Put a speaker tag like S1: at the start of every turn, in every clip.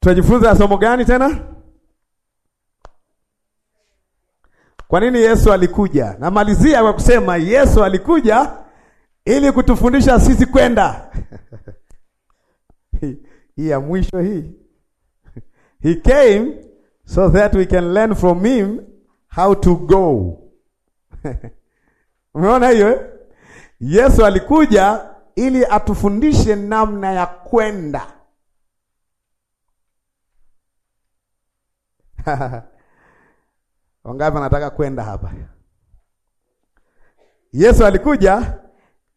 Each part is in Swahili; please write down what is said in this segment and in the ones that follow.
S1: Tunajifunza somo gani tena? Kwa nini Yesu alikuja? Namalizia kwa kusema Yesu alikuja ili kutufundisha sisi kwenda. Hii ya mwisho hii. He came so that we can learn from him how to go. Umeona hiyo? Eh? Yesu alikuja ili atufundishe namna ya kwenda. Wangapi wanataka kwenda hapa? Yesu alikuja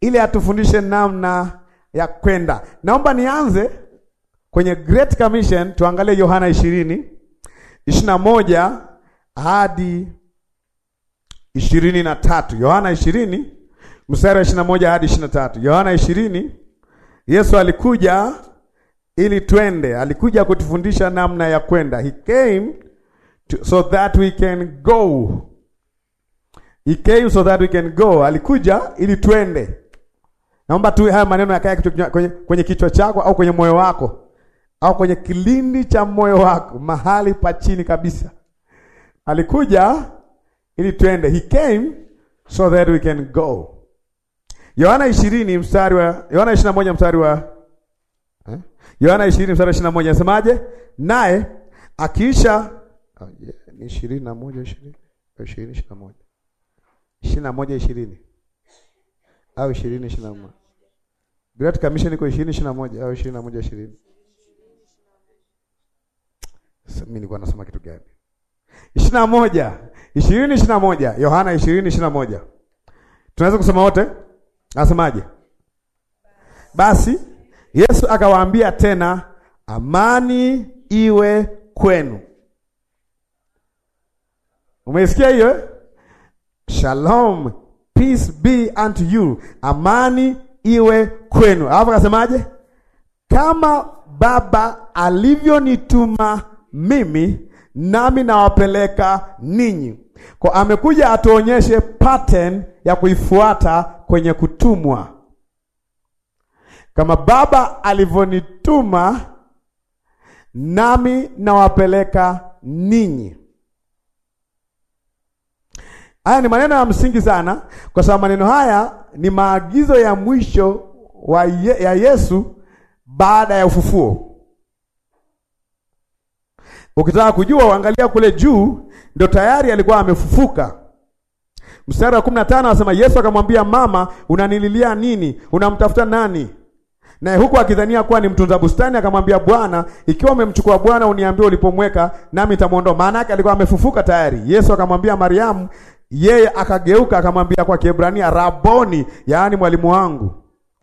S1: ili atufundishe namna ya kwenda. Naomba nianze kwenye Great Commission, tuangalie Yohana ishirini ishirini na moja hadi ishirini na tatu Yohana ishirini mstari wa ishirini na moja hadi ishirini na tatu Yohana ishirini Yesu alikuja ili twende, alikuja kutufundisha namna ya kwenda. He came to, so that we can go. He came so that we can go. Alikuja ili tuende. Naomba tu haya maneno yakae kwenye, kwenye kichwa chako au kwenye moyo wako au kwenye kilindi cha moyo wako, mahali pa chini kabisa. Alikuja ili tuende. He came so that we can go. Yohana 20 mstari wa Yohana 21 mstari wa eh? Yohana eh? 20 mstari wa 21 nasemaje? Naye akiisha ni ishirini na moja ishirini ishirini ishirini na moja ishirini na moja ishirini au ishirini ishirini na moja Great Commission iko ishirini ishirini na moja au ishirini na moja ishirini mimi nilikuwa nasoma kitu gani? ishirini na moja ishirini ishirini na moja Yohana ishirini ishirini na moja tunaweza kusoma wote. Nasemaje? Basi Yesu akawaambia tena, amani iwe kwenu. Umesikia hiyo? Shalom, peace be unto you, amani iwe kwenu. Alafu akasemaje? Kama Baba alivyonituma mimi, nami nawapeleka ninyi. Kwa amekuja atuonyeshe pattern ya kuifuata kwenye kutumwa. Kama Baba alivyonituma nami nawapeleka ninyi. Haya ni maneno ya msingi sana, kwa sababu maneno haya ni maagizo ya mwisho wa ye, ya Yesu baada ya ufufuo. Ukitaka kujua uangalia kule juu, ndio tayari alikuwa amefufuka. Mstari wa 15 anasema Yesu akamwambia, mama, unanililia nini? Unamtafuta nani? Naye huku akidhania kuwa ni mtunza bustani akamwambia, Bwana, ikiwa umemchukua Bwana, uniambie ulipomweka, nami nitamwondoa. Maana yake alikuwa amefufuka tayari. Yesu akamwambia Mariamu, yeye akageuka akamwambia kwa Kiebrania Raboni, yaani mwalimu wangu.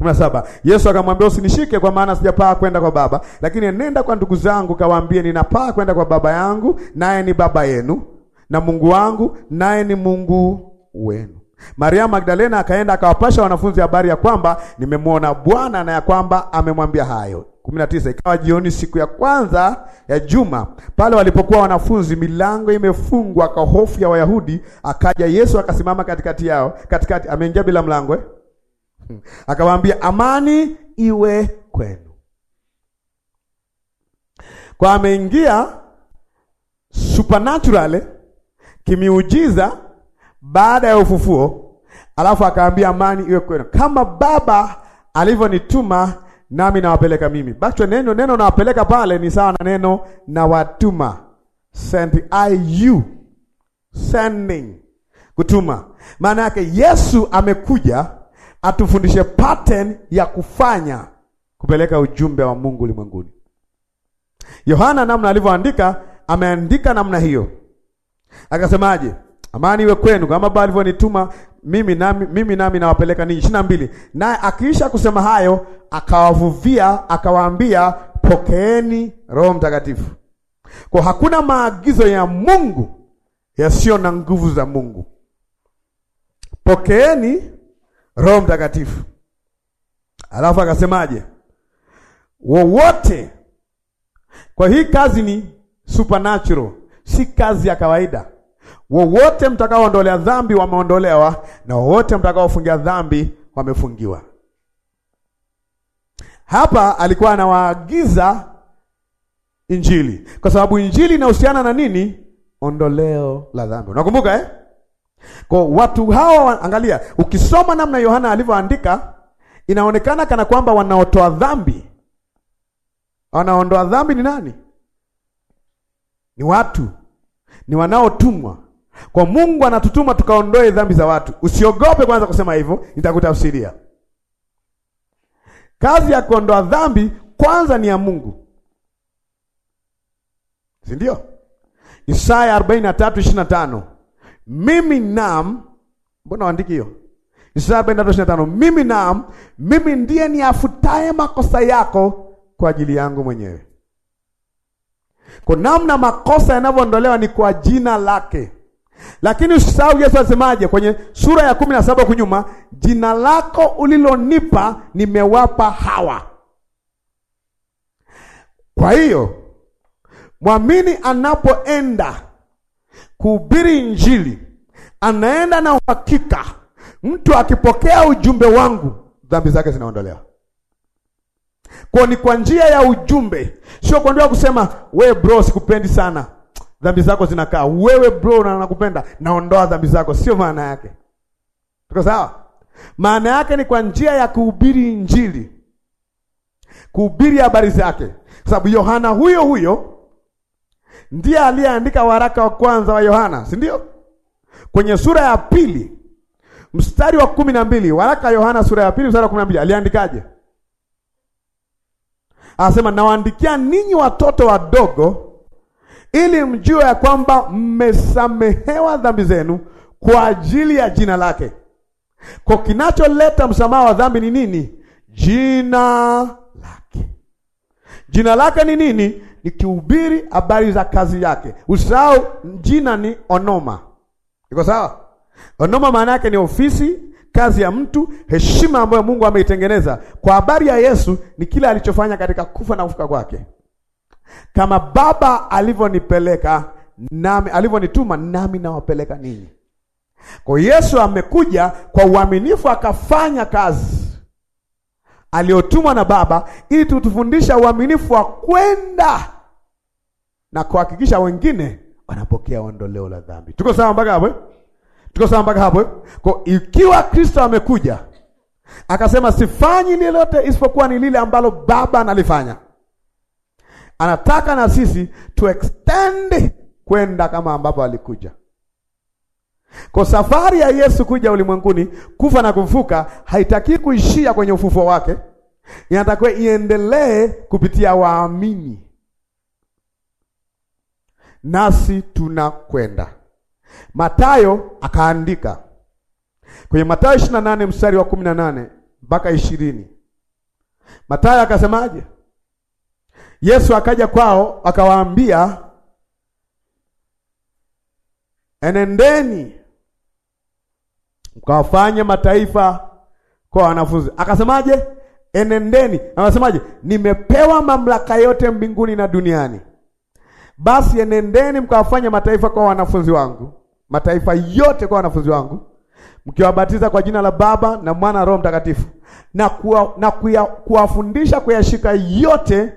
S1: 17. Yesu akamwambia usinishike, kwa maana sijapaa kwenda kwa Baba, lakini nenda kwa ndugu zangu kawaambie, ninapaa kwenda kwa Baba yangu, naye ni Baba yenu, na Mungu wangu, naye ni Mungu wenu. Maria Magdalena akaenda akawapasha wanafunzi habari ya kwamba nimemwona Bwana na ya kwamba amemwambia hayo. 19 Ikawa jioni siku ya kwanza ya juma, pale walipokuwa wanafunzi, milango imefungwa kwa hofu ya Wayahudi, akaja Yesu akasimama katikati yao, katikati ameingia bila mlango eh? Hmm. Akawaambia, amani iwe kwenu. Kwa ameingia supernatural, eh? kimiujiza baada ya ufufuo, alafu akaambia amani iwe kwenu, kama Baba alivyonituma nami nawapeleka mimi. Bacho neno neno nawapeleka pale ni sawa na neno nawatuma, send I you, sending, kutuma. Maana yake Yesu amekuja atufundishe pattern ya kufanya kupeleka ujumbe wa Mungu ulimwenguni. Yohana namna alivyoandika, ameandika namna hiyo, akasemaje? Amani iwe kwenu kama Baba alivyonituma mimi nami mimi nami nawapeleka ninyi. ishirini na mbili. Naye akiisha kusema hayo, akawavuvia akawaambia, pokeeni Roho Mtakatifu. Kwa hakuna maagizo ya Mungu yasiyo na nguvu za Mungu. Pokeeni Roho Mtakatifu. Alafu akasemaje? Wowote. Kwa hii kazi ni supernatural, si kazi ya kawaida wowote mtakaoondolea dhambi wameondolewa, na wowote mtakaofungia dhambi wamefungiwa. Hapa alikuwa anawaagiza Injili, kwa sababu Injili inahusiana na nini? Ondoleo la dhambi. Unakumbuka eh? Kwa watu hawa, angalia, ukisoma namna Yohana alivyoandika, inaonekana kana kwamba wanaotoa dhambi, wanaondoa dhambi ni nani? Ni watu, ni wanaotumwa kwa Mungu anatutuma tukaondoe dhambi za watu. Usiogope kwanza kusema hivyo, nitakutafsiria. Kazi ya kuondoa dhambi kwanza ni ya Mungu, si ndio? Isaya 43:25 mimi naam. Mbona waandiki hiyo? Isaya 43:25 mimi naam, mimi ndiye niafutaye makosa yako kwa ajili yangu mwenyewe. Kwa namna makosa yanavyoondolewa ni kwa jina lake. Lakini usisahau Yesu asemaje kwenye sura ya kumi na saba kunyuma nyuma, jina lako ulilonipa nimewapa hawa. Kwa hiyo mwamini anapoenda kuhubiri Injili anaenda na uhakika, mtu akipokea ujumbe wangu dhambi zake zinaondolewa. Kwa ni kwa njia ya ujumbe, sio kwa ndio kusema we bro, sikupendi sana dhambi zako zinakaa. Wewe bro, na nakupenda, naondoa dhambi zako, sio maana yake. Tuko sawa? Maana yake ni kwa njia ya kuhubiri Injili, kuhubiri habari zake, kwa sababu Yohana huyo huyo ndiye aliyeandika waraka wa kwanza wa Yohana, si ndio? Kwenye sura ya pili mstari wa kumi na mbili waraka wa Yohana sura ya pili mstari wa kumi na mbili aliandikaje? Anasema, nawaandikia ninyi watoto wadogo ili mjue ya kwamba mmesamehewa dhambi zenu kwa ajili ya jina lake. Kwa kinacholeta msamaha wa dhambi ni nini? Jina lake. Jina lake ni nini? Ni kihubiri habari za kazi yake. Usahau jina ni onoma, iko sawa? Onoma maana yake ni ofisi, kazi ya mtu, heshima ambayo Mungu ameitengeneza. Kwa habari ya Yesu ni kile alichofanya katika kufa na kufuka kwake. Kama Baba alivyonipeleka nami alivyonituma nami nawapeleka ninyi. Kwa Yesu amekuja kwa uaminifu akafanya kazi aliyotumwa na Baba ili tutufundisha uaminifu wa kwenda na kuhakikisha wengine wanapokea ondoleo la dhambi. Tuko sawa mpaka hapo? Eh? Tuko sawa mpaka hapo? Eh? Kwa ikiwa Kristo amekuja akasema sifanyi lolote isipokuwa ni lile ambalo Baba analifanya anataka na sisi tu extend kwenda kama ambapo alikuja. Kwa safari ya Yesu kuja ulimwenguni, kufa na kufuka, haitaki kuishia kwenye ufufuo wake, inatakiwa iendelee kupitia waamini, nasi tunakwenda. Matayo akaandika kwenye Matayo 28 mstari wa 18 mpaka ishirini. Matayo akasemaje? Yesu akaja kwao akawaambia, enendeni mkawafanye mataifa kwa wanafunzi. Akasemaje? Enendeni. Anasemaje? Nimepewa mamlaka yote mbinguni na duniani. Basi enendeni mkawafanye mataifa kwa wanafunzi wangu, mataifa yote kwa wanafunzi wangu, mkiwabatiza kwa jina la Baba na Mwana na Roho Mtakatifu, na kuwafundisha na kuya, kuyashika yote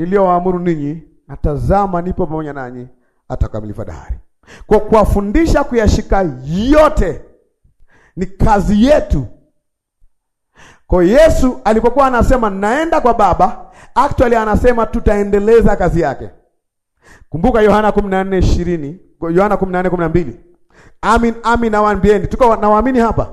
S1: niliyowaamuru ninyi, natazama nipo pamoja nanyi hata dahari. Kwa kuwafundisha kuyashika yote, ni kazi yetu. Kwa Yesu alipokuwa anasema naenda kwa Baba, actually anasema tutaendeleza kazi yake. Kumbuka Yohana 14:20, Yohana 14:12. Amin, amin nawaambieni, tuko nawaamini hapa.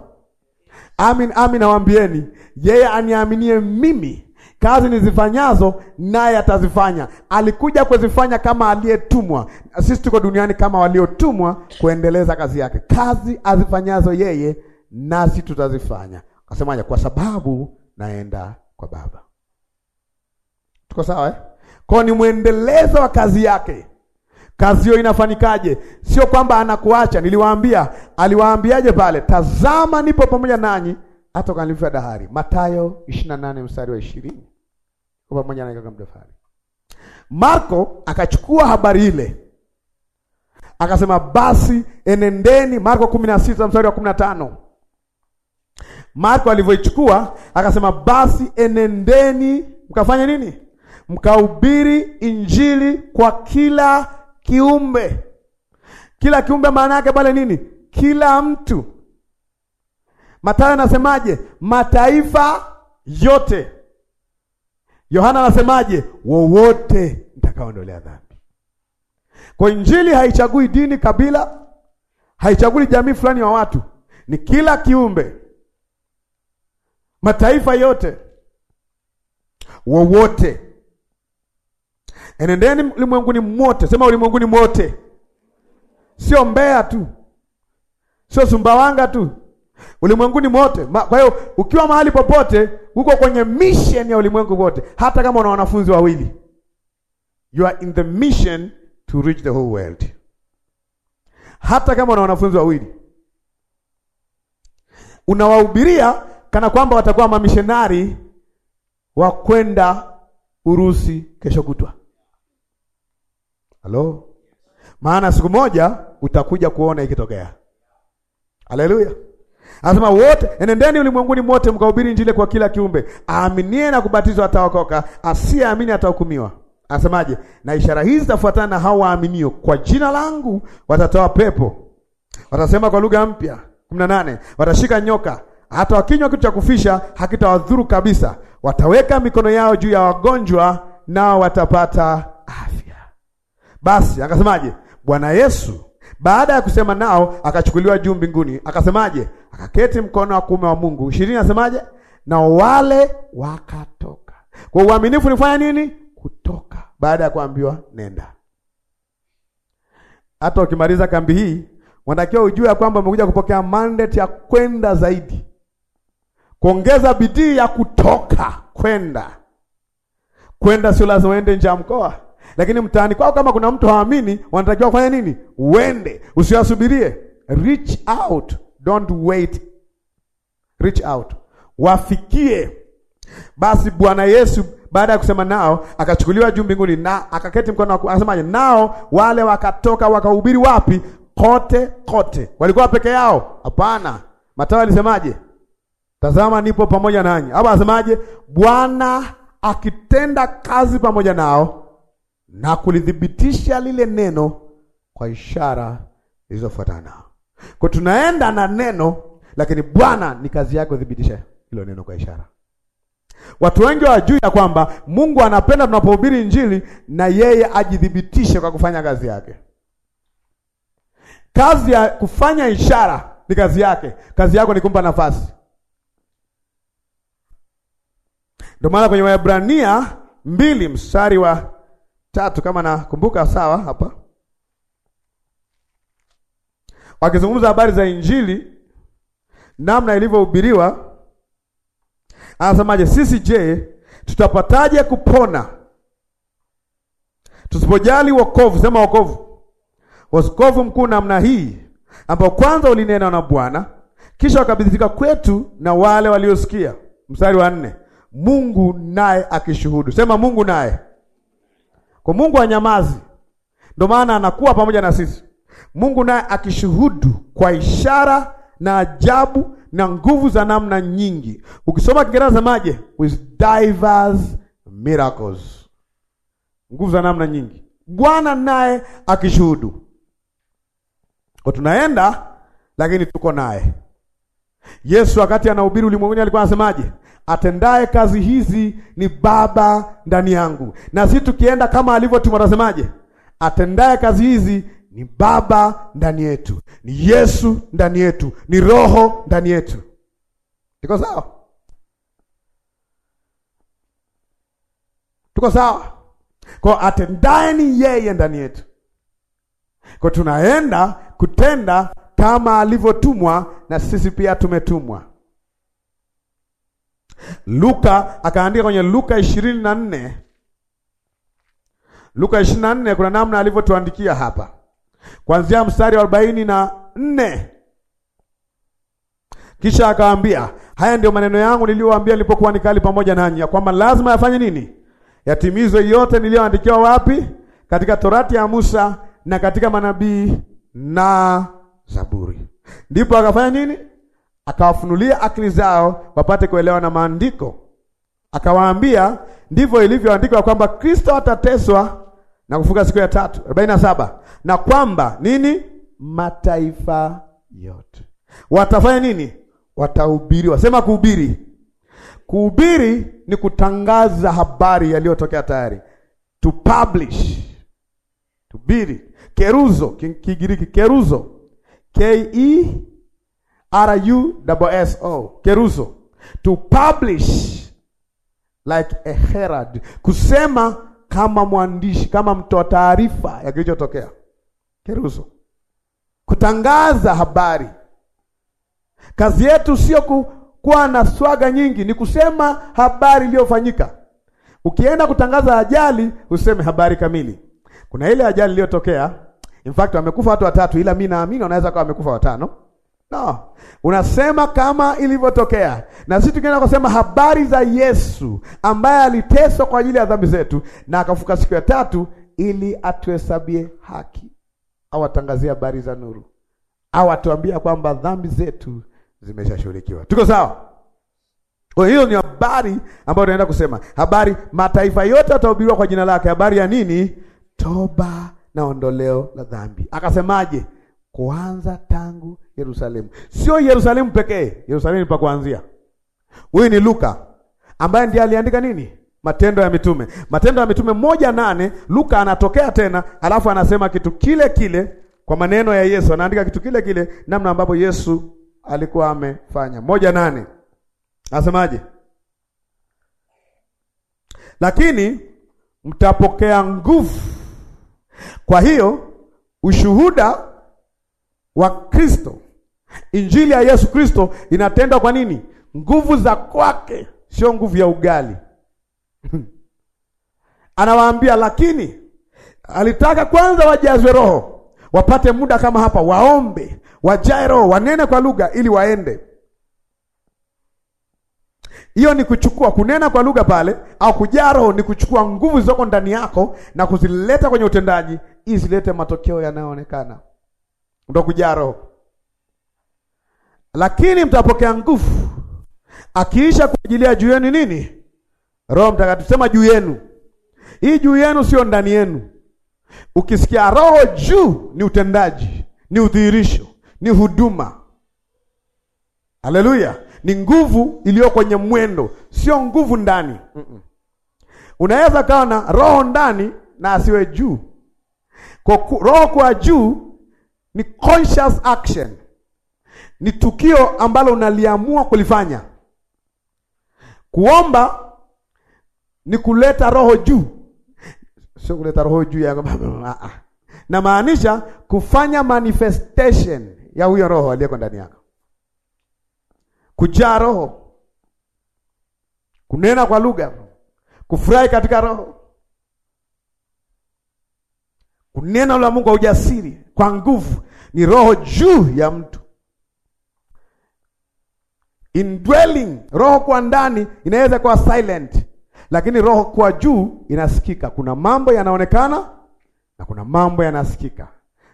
S1: Amin, amin nawaambieni, yeye aniaminie mimi Kazi nizifanyazo naye atazifanya. Alikuja kuzifanya kama aliyetumwa. Sisi tuko duniani kama waliotumwa kuendeleza kazi yake. Kazi azifanyazo yeye nasi tutazifanya. Akasemaje? Kwa sababu naenda kwa Baba. Tuko sawa eh? Kwa ni mwendelezo wa kazi yake. Kazi hiyo inafanikaje? Sio kwamba anakuacha. Niliwaambia, aliwaambiaje pale? Tazama nipo pamoja nanyi hata nilivyo dahari. Mathayo 28 mstari wa 20. Kwa pamoja na kaka mdafari. Marko akachukua habari ile. Akasema basi enendeni, Marko 16 mstari wa 15. Marko alivyoichukua akasema basi enendeni mkafanya nini? Mkahubiri injili kwa kila kiumbe. Kila kiumbe maana yake pale nini? Kila mtu Mathayo anasemaje? Mataifa yote. Yohana anasemaje? Wowote nitakaondolea dhambi. Kwa injili haichagui dini, kabila, haichagui jamii fulani wa watu, ni kila kiumbe, mataifa yote, wowote. Enendeni ulimwenguni mwote, sema ulimwenguni mwote, sio Mbeya tu, sio Sumbawanga tu ulimwenguni mote. Kwa hiyo ukiwa mahali popote, uko kwenye mission ya ulimwengu wote, hata kama una wanafunzi wawili, you are in the mission to reach the whole world. Hata kama una wanafunzi wawili, unawahubiria kana kwamba watakuwa mamishonari wa kwenda Urusi kesho kutwa. Halo, maana siku moja utakuja kuona ikitokea. Haleluya. Anasema wote, enendeni ulimwenguni mote mkahubiri Injili kwa kila kiumbe. Aaminie na kubatizwa ataokoka, asiyeamini atahukumiwa. Anasemaje? Na ishara hizi zitafuatana na hao waaminio, kwa jina langu watatoa pepo, watasema kwa lugha mpya. 18 watashika nyoka, hata wakinywa kitu cha kufisha hakitawadhuru kabisa, wataweka mikono yao juu ya wagonjwa, nao watapata afya. Basi akasemaje? Bwana Yesu baada ya kusema nao akachukuliwa juu mbinguni, akasemaje? akaketi mkono wa kuume wa Mungu. ishirini nasemaje? Na wale wakatoka kwa uaminifu. Nifanya nini? Kutoka baada ya kuambiwa nenda. Hata ukimaliza kambi hii, unatakiwa ujue kwamba umekuja kupokea mandate ya kwenda zaidi, kuongeza bidii ya kutoka kwenda. Kwenda sio lazima uende nje ya mkoa, lakini mtaani kwao, kama kuna mtu haamini, wanatakiwa kufanya nini? Uende, usiwasubirie, reach out Don't wait. Reach out. Wafikie. Basi Bwana Yesu baada ya kusema nao akachukuliwa juu mbinguni na akaketi mkono wa akasemaje? Nao wale wakatoka wakahubiri wapi? Kote kote. Walikuwa peke yao? Hapana. Mathayo alisemaje? Tazama nipo pamoja nanyi. Hapa anasemaje? Bwana akitenda kazi pamoja nao na kulithibitisha lile neno kwa ishara zilizofuatana. Kwa tunaenda na neno, lakini Bwana ni kazi yako thibitisha hilo neno kwa ishara. Watu wengi wajui ya kwamba Mungu anapenda tunapohubiri Injili na yeye ajithibitishe kwa kufanya kazi yake. Kazi ya kufanya ishara ni kazi yake. Kazi yako ni kumpa nafasi. Ndio maana kwenye Waebrania mbili mstari wa tatu kama nakumbuka sawa hapa wakizungumza habari za Injili namna ilivyohubiriwa, anasemaje? Sisi je, tutapataje kupona tusipojali wokovu? Sema wokovu, wokovu mkuu namna hii, ambao kwanza ulinena na Bwana, kisha wakabidhika kwetu na wale waliosikia. Mstari wa nne, Mungu naye akishuhudu. Sema Mungu naye, kwa Mungu anyamazi ndio maana anakuwa pamoja na sisi. Mungu naye akishuhudu kwa ishara na ajabu na nguvu za namna nyingi. Ukisoma Kiingereza semaje? With diverse miracles, nguvu za namna nyingi, Bwana naye akishuhudu. Kwa tunaenda lakini tuko naye Yesu wakati anahubiri ulimwenguni alikuwa anasemaje? Atendaye kazi hizi ni Baba ndani yangu, na si tukienda kama alivyotumwa atasemaje? Atendaye kazi hizi ni Baba ndani yetu, ni Yesu ndani yetu, ni Roho ndani yetu. Tuko sawa? Tuko sawa? Kwa atendaye ni yeye ndani yetu. Kwa tunaenda kutenda kama alivyotumwa, na sisi pia tumetumwa. Luka akaandika kwenye Luka ishirini na nne Luka ishirini na nne kuna namna alivyotuandikia hapa kuanzia mstari wa arobaini na nne kisha akawaambia, haya ndio maneno yangu niliyowaambia nilipokuwa nikali pamoja nanyi, ya kwamba lazima yafanye nini? Yatimizwe yote niliyoandikiwa wapi? Katika Torati ya Musa na katika manabii na Zaburi. Ndipo akafanya nini? Akawafunulia akili zao wapate kuelewa na maandiko. Akawaambia, ndivyo ilivyoandikwa kwamba Kristo atateswa na kufuka siku ya tatu. arobaini na saba na kwamba nini? Mataifa yote watafanya nini? Watahubiri. Wasema kuhubiri. Kuhubiri ni kutangaza habari yaliyotokea tayari, to publish, tubiri. Keruzo, Kigiriki keruzo, K E R U S O, keruzo, to publish like a herald, kusema kama mwandishi, kama mtoa taarifa ya kilichotokea. Keruso kutangaza habari. Kazi yetu sio ku, kuwa na swaga nyingi, ni kusema habari iliyofanyika. Ukienda kutangaza ajali, useme habari kamili. Kuna ile ajali iliyotokea, in fact wamekufa watu watatu, ila mimi naamini wanaweza kuwa wamekufa watano No, unasema kama ilivyotokea, na sisi tukienda kusema habari za Yesu ambaye aliteswa kwa ajili ya dhambi zetu na akafuka siku ya tatu ili atuhesabie haki, awatangazie habari za nuru, awatuambia kwamba dhambi zetu zimeshashughulikiwa. Tuko sawa? Kwa hiyo ni habari ambayo tunaenda kusema habari, mataifa yote atahubiriwa kwa jina lake, habari ya nini? Toba na ondoleo la dhambi. Akasemaje? kuanza tangu Yerusalemu. Sio Yerusalemu pekee, Yerusalemu pa kuanzia. Huyu ni Luka ambaye ndiye aliandika nini? Matendo ya Mitume. Matendo ya Mitume moja nane, Luka anatokea tena, alafu anasema kitu kile kile kwa maneno ya Yesu, anaandika kitu kile kile namna ambapo Yesu alikuwa amefanya. moja nane anasemaje? Lakini mtapokea nguvu, kwa hiyo ushuhuda wa Kristo. Injili ya Yesu Kristo inatendwa kwa nini? Nguvu za kwake, sio nguvu ya ugali anawaambia, lakini alitaka kwanza wajazwe Roho, wapate muda kama hapa, waombe, wajae Roho, wanene kwa lugha ili waende. Hiyo ni kuchukua kunena kwa lugha pale au kujaa Roho, ni kuchukua nguvu zilizoko ndani yako na kuzileta kwenye utendaji, ili zilete matokeo yanayoonekana ndo kujaa Roho, lakini mtapokea nguvu akiisha kuajilia juu yenu nini? Roho Mtakatifu. Sema juu yenu. Hii juu yenu sio ndani yenu. Ukisikia roho juu, ni utendaji, ni udhihirisho, ni huduma. Haleluya! Ni nguvu iliyo kwenye mwendo, sio nguvu ndani. mm -mm. Unaweza kawa na roho ndani na asiwe juu. Kwa roho kwa juu ni conscious action, ni tukio ambalo unaliamua kulifanya. Kuomba ni kuleta roho juu, sio kuleta roho juu ya na maanisha kufanya manifestation ya huyo roho aliyeko ndani yako, kujaa roho, kunena kwa lugha, kufurahi katika roho, kunena la Mungu kwa ujasiri, kwa nguvu, ni roho juu ya mtu indwelling. Roho kwa ndani inaweza kuwa silent, lakini roho kwa juu inasikika. Kuna mambo yanaonekana na kuna mambo yanasikika.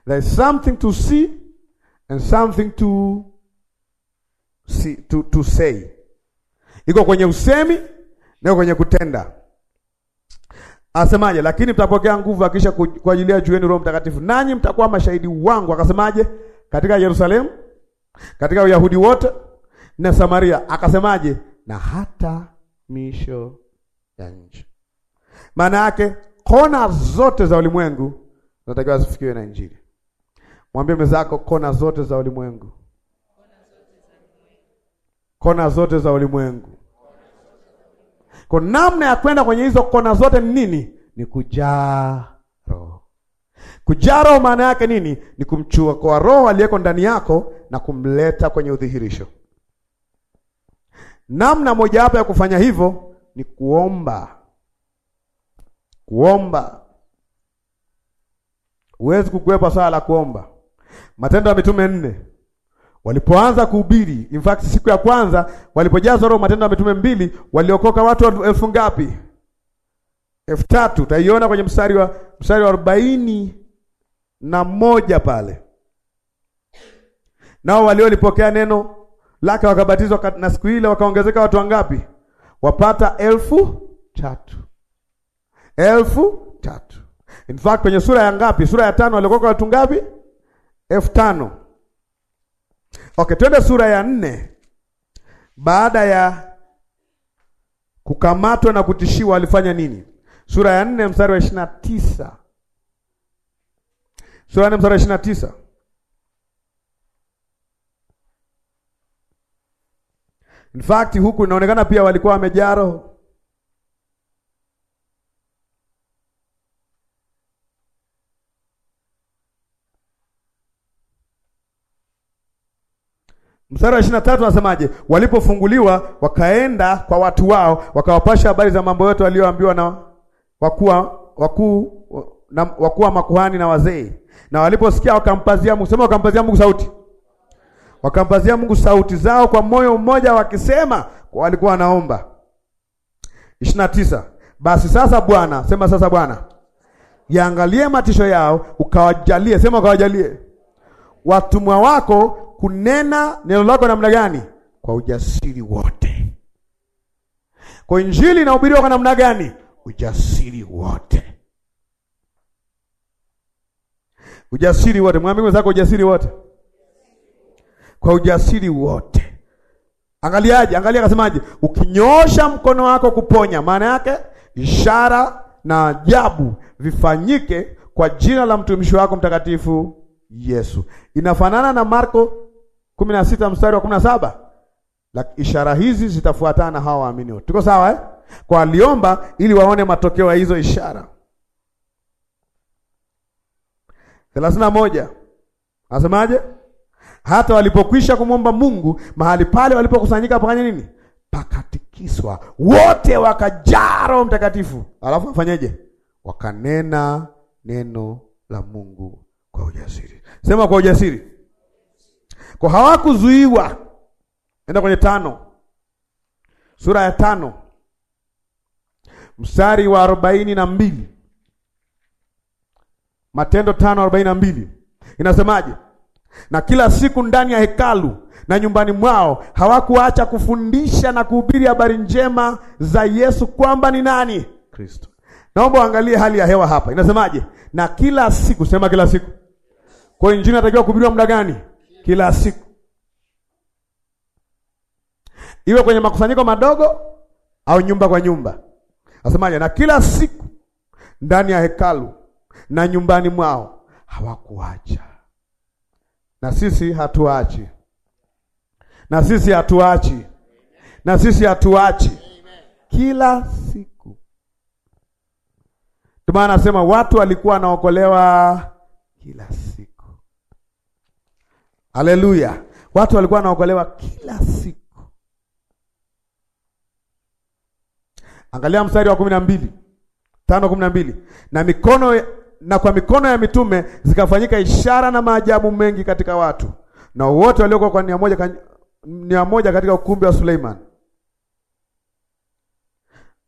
S1: There is something to see and something to see, to, to say. Iko kwenye usemi na kwenye kutenda. Asemaje? Lakini mtapokea nguvu akisha kwa ajili ya jueni Roho Mtakatifu, nanyi mtakuwa mashahidi wangu. Akasemaje? Katika Yerusalemu, katika Uyahudi wote na Samaria. Akasemaje? Na hata misho ya nchi. Maana yake kona zote za ulimwengu zinatakiwa zifikiwe na Injili. Mwambie mwenzako, kona zote za ulimwengu, kona zote za ulimwengu kwa namna ya kwenda kwenye hizo kona zote ni nini? Ni kujaa Roho. Kujaa Roho maana yake nini? Ni kumchua kwa Roho aliyeko ndani yako na kumleta kwenye udhihirisho. Namna moja mojawapo ya kufanya hivyo ni kuomba. Kuomba huwezi kukwepa sala la kuomba. Matendo ya Mitume nne Walipoanza kuhubiri, in fact siku ya kwanza walipojazwa Roho, Matendo ya Mitume mbili, waliokoka watu elfu ngapi? elfu tatu. Utaiona kwenye mstari wa mstari wa arobaini na moja pale. Nao waliolipokea neno lake wakabatizwa, na siku ile wakaongezeka watu wangapi? Wapata elfu tatu, elfu tatu. In fact kwenye sura ya ngapi? Sura ya tano waliokoka watu ngapi? elfu tano. Okay, twende sura ya nne. Baada ya kukamatwa na kutishiwa alifanya nini? Sura ya nne mstari wa ishirini na tisa. Sura ya nne mstari wa ishirini na tisa. In fact, huku inaonekana pia walikuwa wamejaa roho Mstari wa ishirini na tatu anasemaje? Walipofunguliwa wakaenda kwa watu wao, wakawapasha habari za mambo yote walioambiwa na wakuu wakuu na wakuu makuhani na wazee. Na waliposikia wakampazia Mungu, sema wakampazia Mungu sauti, wakampazia Mungu sauti zao kwa moyo mmoja, wakisema kwa walikuwa wanaomba. ishirini na tisa basi sasa Bwana, sema sasa Bwana, yaangalie matisho yao, ukawajalie, sema ukawajalie watumwa wako kunena neno lako namna gani? Kwa ujasiri wote. Kwa injili inahubiriwa kwa namna gani? Ujasiri wote, ujasiri wote. Mwambie mwenzako ujasiri wote, kwa ujasiri wote. Angaliaje? Angalia, akasemaje? Ukinyosha mkono wako kuponya, maana yake ishara na ajabu vifanyike kwa jina la mtumishi wako mtakatifu Yesu. Inafanana na Marko kumi na sita mstari wa kumi na saba ishara hizi zitafuatana hawa waaminio. Tuko sawa eh? Kwa aliomba ili waone matokeo ya hizo ishara. thelathini na moja anasemaje? Hata walipokwisha kumwomba Mungu, mahali pale walipokusanyika pakanye nini? Pakatikiswa, wote wakajaa Roho Mtakatifu. Alafu wafanyeje? Wakanena neno la Mungu kwa ujasiri. Sema kwa ujasiri. Kwa hawakuzuiwa. Enda kwenye tano, sura ya tano mstari wa arobaini na mbili Matendo tano arobaini na mbili inasemaje? Na kila siku ndani ya hekalu na nyumbani mwao hawakuacha kufundisha na kuhubiri habari njema za Yesu kwamba ni nani Kristo. Naomba uangalie hali ya hewa hapa, inasemaje? Na kila siku, sema kila siku. Kwa hiyo injili inatakiwa kuhubiriwa muda gani? kila siku, iwe kwenye makusanyiko madogo au nyumba kwa nyumba. Asemaje? Na kila siku ndani ya hekalu na nyumbani mwao hawakuacha. Na sisi hatuachi, na sisi hatuachi, na sisi hatuachi kila siku. Ndio maana watu walikuwa wanaokolewa kila siku. Haleluya! Watu walikuwa wanaokolewa kila siku. Angalia mstari wa kumi na mbili tano kumi na mbili na mikono na kwa mikono ya mitume zikafanyika ishara na maajabu mengi katika watu, na wote waliokuwa kwa nia moja, nia moja katika ukumbi wa Suleiman.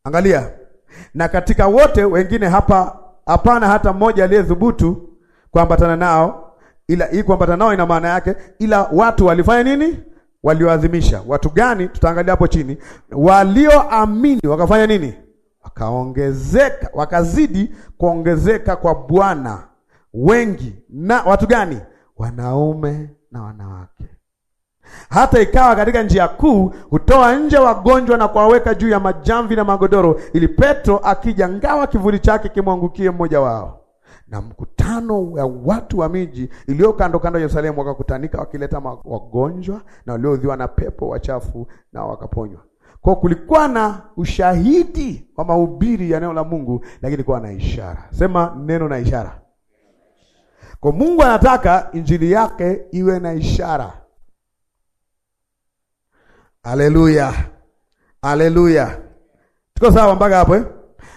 S1: Angalia, na katika wote wengine hapa hapana hata mmoja aliyethubutu kuambatana nao ila hii kuambatana nao ina maana yake, ila watu walifanya nini? Walioadhimisha. Watu gani? Tutaangalia hapo chini. Walioamini wakafanya nini? Wakaongezeka, wakazidi kuongezeka kwa Bwana wengi. Na watu gani? Wanaume na wanawake. Hata ikawa katika njia kuu hutoa nje wagonjwa na kuwaweka juu ya majamvi na magodoro, ili Petro akija, ngawa kivuli chake kimwangukie mmoja wao na mkutano wa watu wa miji iliyo kando kando ya Yerusalemu wakakutanika wakileta wagonjwa na waliodhiwa na pepo wachafu na wakaponywa. Kwa kulikuwa na ushahidi wa mahubiri ya neno la Mungu, lakini kwa na ishara. Sema neno na ishara. Kwa Mungu anataka injili yake iwe na ishara. Haleluya, haleluya, tuko sawa mpaka hapo eh?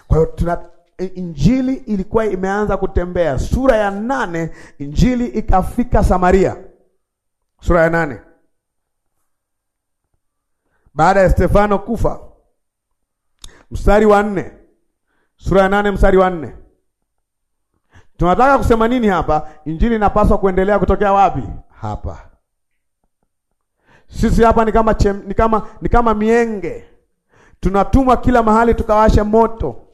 S1: Kwa hiyo tuna E, injili ilikuwa imeanza kutembea. Sura ya nane injili ikafika Samaria, sura ya nane baada ya Stefano kufa, mstari wa nne sura ya nane mstari wa nne Tunataka kusema nini hapa? Injili inapaswa kuendelea kutokea wapi? Hapa sisi hapa ni kama, chem, ni kama, ni kama mienge tunatumwa kila mahali tukawashe moto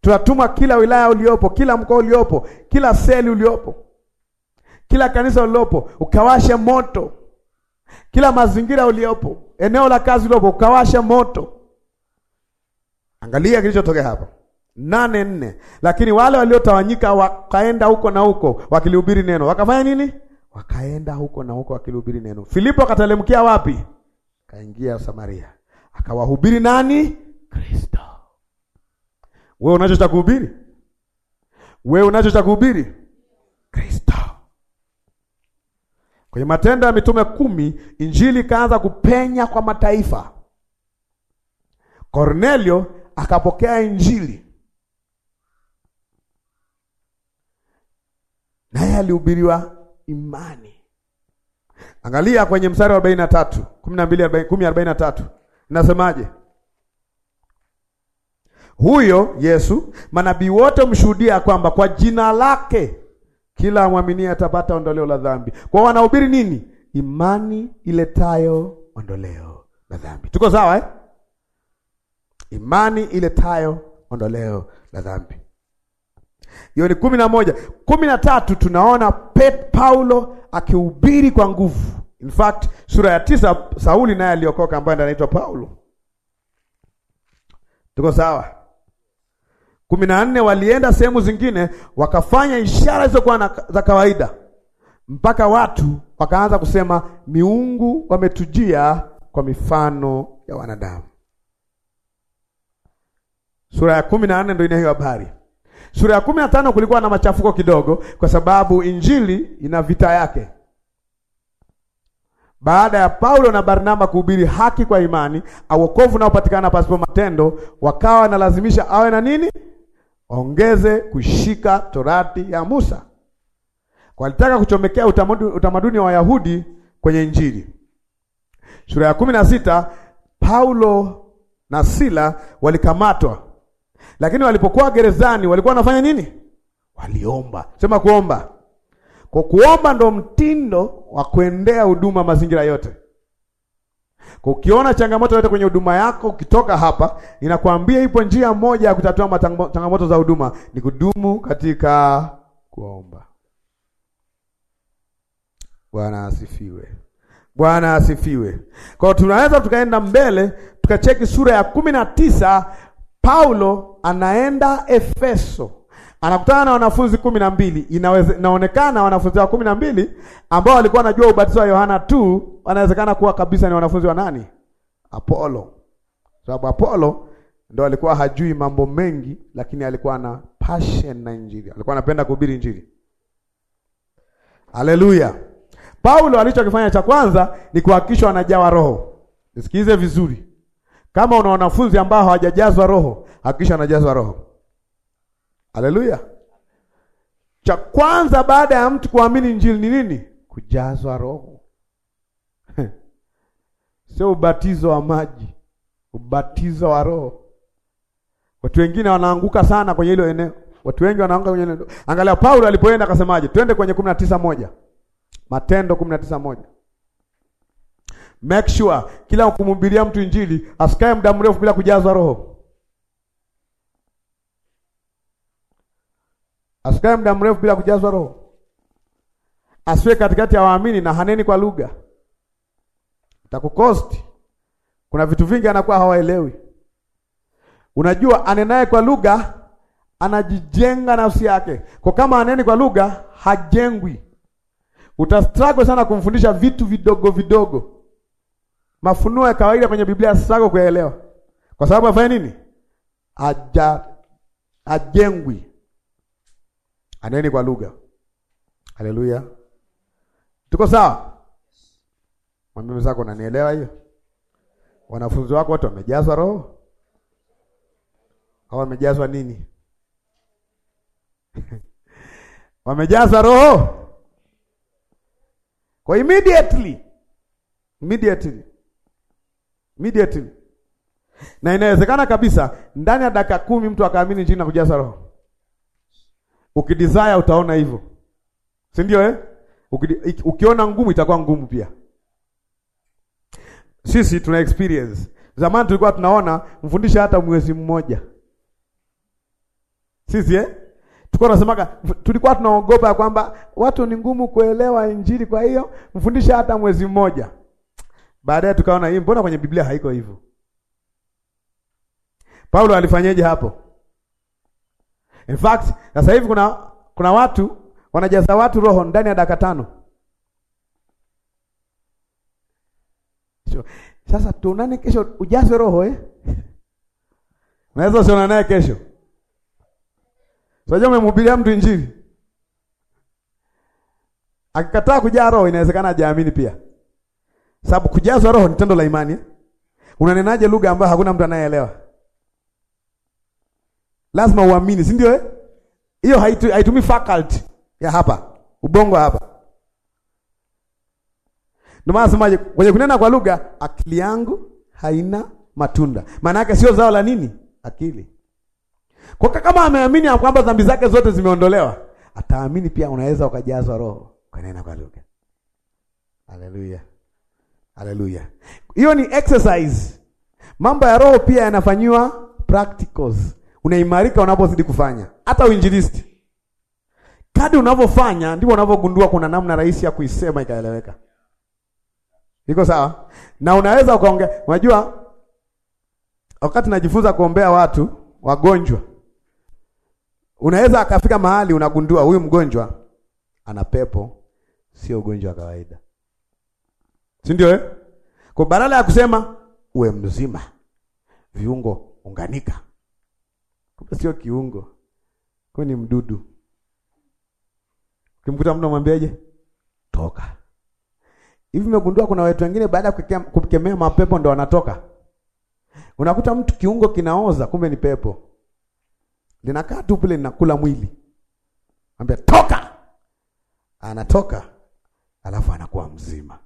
S1: Tunatuma kila wilaya uliopo, kila mkoa uliopo, kila seli uliopo, kila kanisa uliopo, ukawashe moto. Kila mazingira uliopo, eneo la kazi uliopo, ukawashe moto. Angalia kilichotokea hapa nane nne. Lakini wale waliotawanyika wakaenda huko na huko wakilihubiri neno. Wakafanya nini? Wakaenda huko na huko wakilihubiri neno. Filipo akatelemkia wapi? Kaingia Samaria, akawahubiri nani? Kristo. Wewe unacho cha kuhubiri? Wewe unacho cha kuhubiri? Kristo. Kwenye Matendo ya Mitume kumi, injili ikaanza kupenya kwa mataifa. Kornelio akapokea injili, naye alihubiriwa imani. Angalia kwenye mstari wa arobaini na tatu kumi na mbili kumi arobaini na tatu nasemaje? Huyo Yesu manabii wote mshuhudia kwamba kwa jina lake kila amwaminie atapata ondoleo la dhambi. Kwa wanahubiri nini? Imani iletayo ondoleo la dhambi. Tuko sawa eh? Imani iletayo ondoleo la dhambi. Hiyo ni kumi na moja. Kumi na tatu tunaona Pet Paulo akihubiri kwa nguvu. In fact, sura ya tisa Sauli naye aliokoka ambaye anaitwa Paulo. Tuko sawa? kumi na nne walienda sehemu zingine wakafanya ishara zilizokuwa za kawaida, mpaka watu wakaanza kusema miungu wametujia kwa mifano ya wanadamu. Sura ya kumi na nne ndio ina hiyo habari. Sura ya kumi na tano kulikuwa na machafuko kidogo, kwa sababu injili ina vita yake. Baada ya Paulo na Barnaba kuhubiri haki kwa imani, au wokovu unaopatikana pasipo matendo, wakawa wanalazimisha awe na nini? waongeze kushika torati ya Musa. Walitaka kuchomekea utamaduni wa Wayahudi kwenye Injili. Sura ya kumi na sita Paulo na Sila walikamatwa, lakini walipokuwa gerezani walikuwa wanafanya nini? Waliomba. Sema kuomba. Kwa kuomba ndo mtindo wa kuendea huduma mazingira yote. Kwa ukiona changamoto yote kwenye huduma yako, ukitoka hapa, ninakwambia ipo njia moja ya kutatua changamoto za huduma, ni kudumu katika kuomba. Bwana asifiwe. Bwana asifiwe. Kwa tunaweza tukaenda mbele tukacheki sura ya kumi na tisa. Paulo anaenda Efeso, anakutana na wanafunzi kumi na mbili. inaonekana wanafunzi wa kumi na mbili ambao walikuwa wanajua ubatizo wa Yohana tu wanawezekana kuwa kabisa ni wanafunzi wa nani? Apollo. Sababu Apollo ndo alikuwa hajui mambo mengi, lakini alikuwa na passion na Injili, alikuwa anapenda kuhubiri Injili. Haleluya! Paulo alichokifanya cha kwanza ni kuhakikisha wanajawa Roho. Nisikilize vizuri, kama una wanafunzi ambao hawajajazwa Roho, hakikisha anajazwa Roho. Haleluya! Cha kwanza baada ya mtu kuamini Injili ni nini? Kujazwa Roho sio ubatizo wa maji, ubatizo wa Roho. Watu wengine wanaanguka sana kwenye hilo eneo, watu wengi wanaanguka kwenye eneo. Angalia Paulo alipoenda akasemaje? Twende kwenye kumi na tisa moja Matendo kumi na tisa moja Make sure kila kumhubiria mtu injili asikae muda mrefu bila kujazwa Roho, asikae muda mrefu bila kujazwa Roho, asiwe katikati ya waamini na haneni kwa lugha. Itakukosti. Kuna vitu vingi anakuwa hawaelewi. Unajua, anenaye kwa lugha anajijenga nafsi yake, kwa kama aneni kwa lugha hajengwi, utastrago sana kumfundisha vitu vidogo vidogo, mafunuo ya kawaida kwenye Biblia, struggle kuyaelewa kwa sababu afanye nini? Aja ajengwi. Aneni kwa lugha. Haleluya, tuko sawa? Mwambie mwenzako, unanielewa hiyo? Wanafunzi wako wote wamejazwa roho au wamejazwa nini? wamejazwa roho kwa immediately immediately immediately, na inawezekana kabisa ndani ya dakika kumi mtu akaamini jina kujaza roho. Ukidesire utaona hivyo, si ndio eh? Ukiona ngumu itakuwa ngumu pia. Sisi tuna experience. Zamani tulikuwa tunaona mfundisha hata mwezi mmoja. Sisi eh? Tulikuwa tunasemaka tulikuwa tunaogopa kwamba watu ni ngumu kuelewa injili kwa hiyo mfundisha hata mwezi mmoja. Baadaye tukaona hii mbona kwenye Biblia haiko hivyo? Paulo alifanyaje hapo? In fact, sasa hivi kuna kuna watu wanajaza watu roho ndani ya dakika tano. Sio. Sasa tuonane kesho ujaze roho eh? Unaweza sio naye kesho. Unajua mhubiria mtu Injili. Akikataa kujaa roho inawezekana hajaamini pia. Sababu kujazwa roho ni tendo la imani. Eh? Unanenaje lugha ambayo hakuna mtu anayeelewa? Lazima uamini, si ndio eh? Hiyo haitumii faculty ya hapa, ubongo hapa. Ndio maana nasemaje kwenye kunena kwa lugha, akili yangu haina matunda. Maana yake sio zao la nini? Akili. Kwa kama ameamini kwamba dhambi zake zote zimeondolewa, ataamini pia unaweza ukajazwa roho kunena kwa lugha. Haleluya. Haleluya. Hiyo ni exercise. Mambo ya roho pia yanafanyiwa practicals. Unaimarika unapozidi kufanya. Hata uinjilisti. Kadi unavyofanya ndipo unavyogundua kuna namna rahisi ya kuisema ikaeleweka. Iko sawa? Na unaweza ukaongea. Unajua wakati najifunza kuombea watu wagonjwa, unaweza akafika mahali unagundua huyu mgonjwa ana pepo, sio ugonjwa wa kawaida, si ndio eh? Kwa badala ya kusema uwe mzima, viungo unganika, sio kiungo, kwa ni mdudu. Ukimkuta mtu amwambiaje? Toka. Hivi umegundua kuna watu wengine baada ya kukemea mapepo ndo wanatoka. Unakuta mtu kiungo kinaoza, kumbe ni pepo. Linakaa tu pale linakula mwili. Ambia toka. Anatoka. Alafu anakuwa mzima.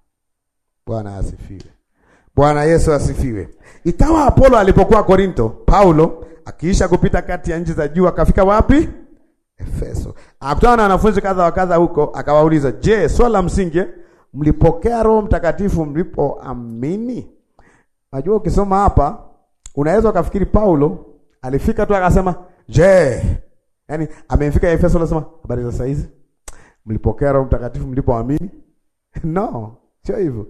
S1: Bwana asifiwe. Bwana Yesu asifiwe. Ikawa Apolo alipokuwa Korinto, Paulo akiisha kupita kati ya nchi za juu akafika wapi? Efeso. Akutana na wanafunzi kadha wa kadha huko, akawauliza, "Je, swala msingi mlipokea Roho Mtakatifu mlipoamini. Najua ukisoma hapa unaweza ukafikiri Paulo alifika tu akasema, "Je, yaani amefika Efeso anasema habari za saizi? Mlipokea Roho Mtakatifu mlipoamini?" No, sio hivyo.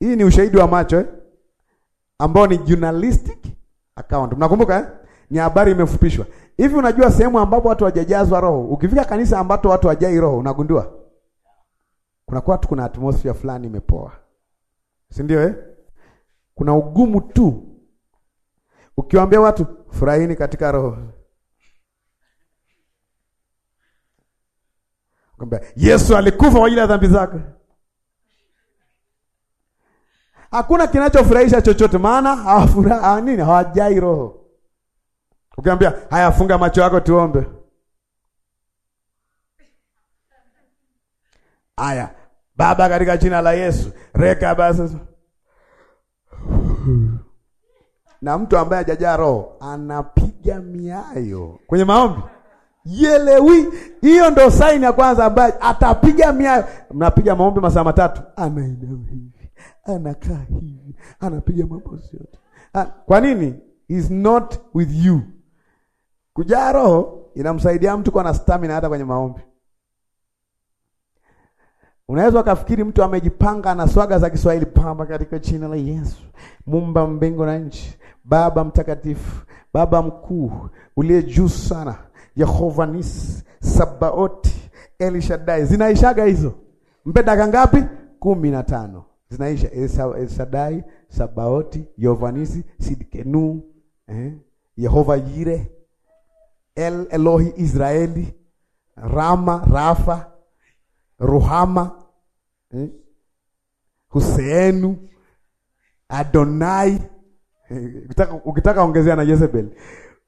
S1: Hii ni ushahidi wa macho eh? ambao ni journalistic account. Mnakumbuka eh? Ni habari imefupishwa. Hivi unajua sehemu ambapo watu hawajajazwa roho, ukifika kanisa ambapo watu hawajai roho unagundua kuna kwatu, kuna atmosphere fulani imepoa, si ndio eh? Kuna ugumu tu, ukiwaambia watu furahini katika roho, kwamba Yesu alikufa kwa ajili ya dhambi zako, hakuna kinachofurahisha chochote, maana hawafurahi ah, nini, hawajai roho. Ukiambia haya, funga macho yako tuombe Aya, Baba, katika jina la Yesu reka basi. Na mtu ambaye hajajaa roho anapiga miayo kwenye maombi yelewi. Hiyo ndo saini ya kwanza ambaye atapiga miayo. Mnapiga maombi masaa matatu, anainama hivi, anakaa hivi, anapiga maombi yote. Ah, kwa nini? is not with you. Kujaa roho inamsaidia mtu kuwa na stamina hata kwenye maombi. Unaweza ukafikiri mtu amejipanga na swaga za Kiswahili. pamba katika jina la Yesu, Mumba mbingu na nchi, Baba mtakatifu, Baba mkuu uliye juu sana, Yehova Nisi, Sabaoti, El Shaddai, zinaishaga hizo. Mpe kangapi? kumi na tano zinaisha. El Shaddai, Sabaoti, Yehova Nisi, Sidkenu, eh? Yehova Yire, El Elohi Israeli, Rama, Rafa Ruhama eh? Huseenu Adonai eh, ukitaka, ukitaka ongezea na Jezebel.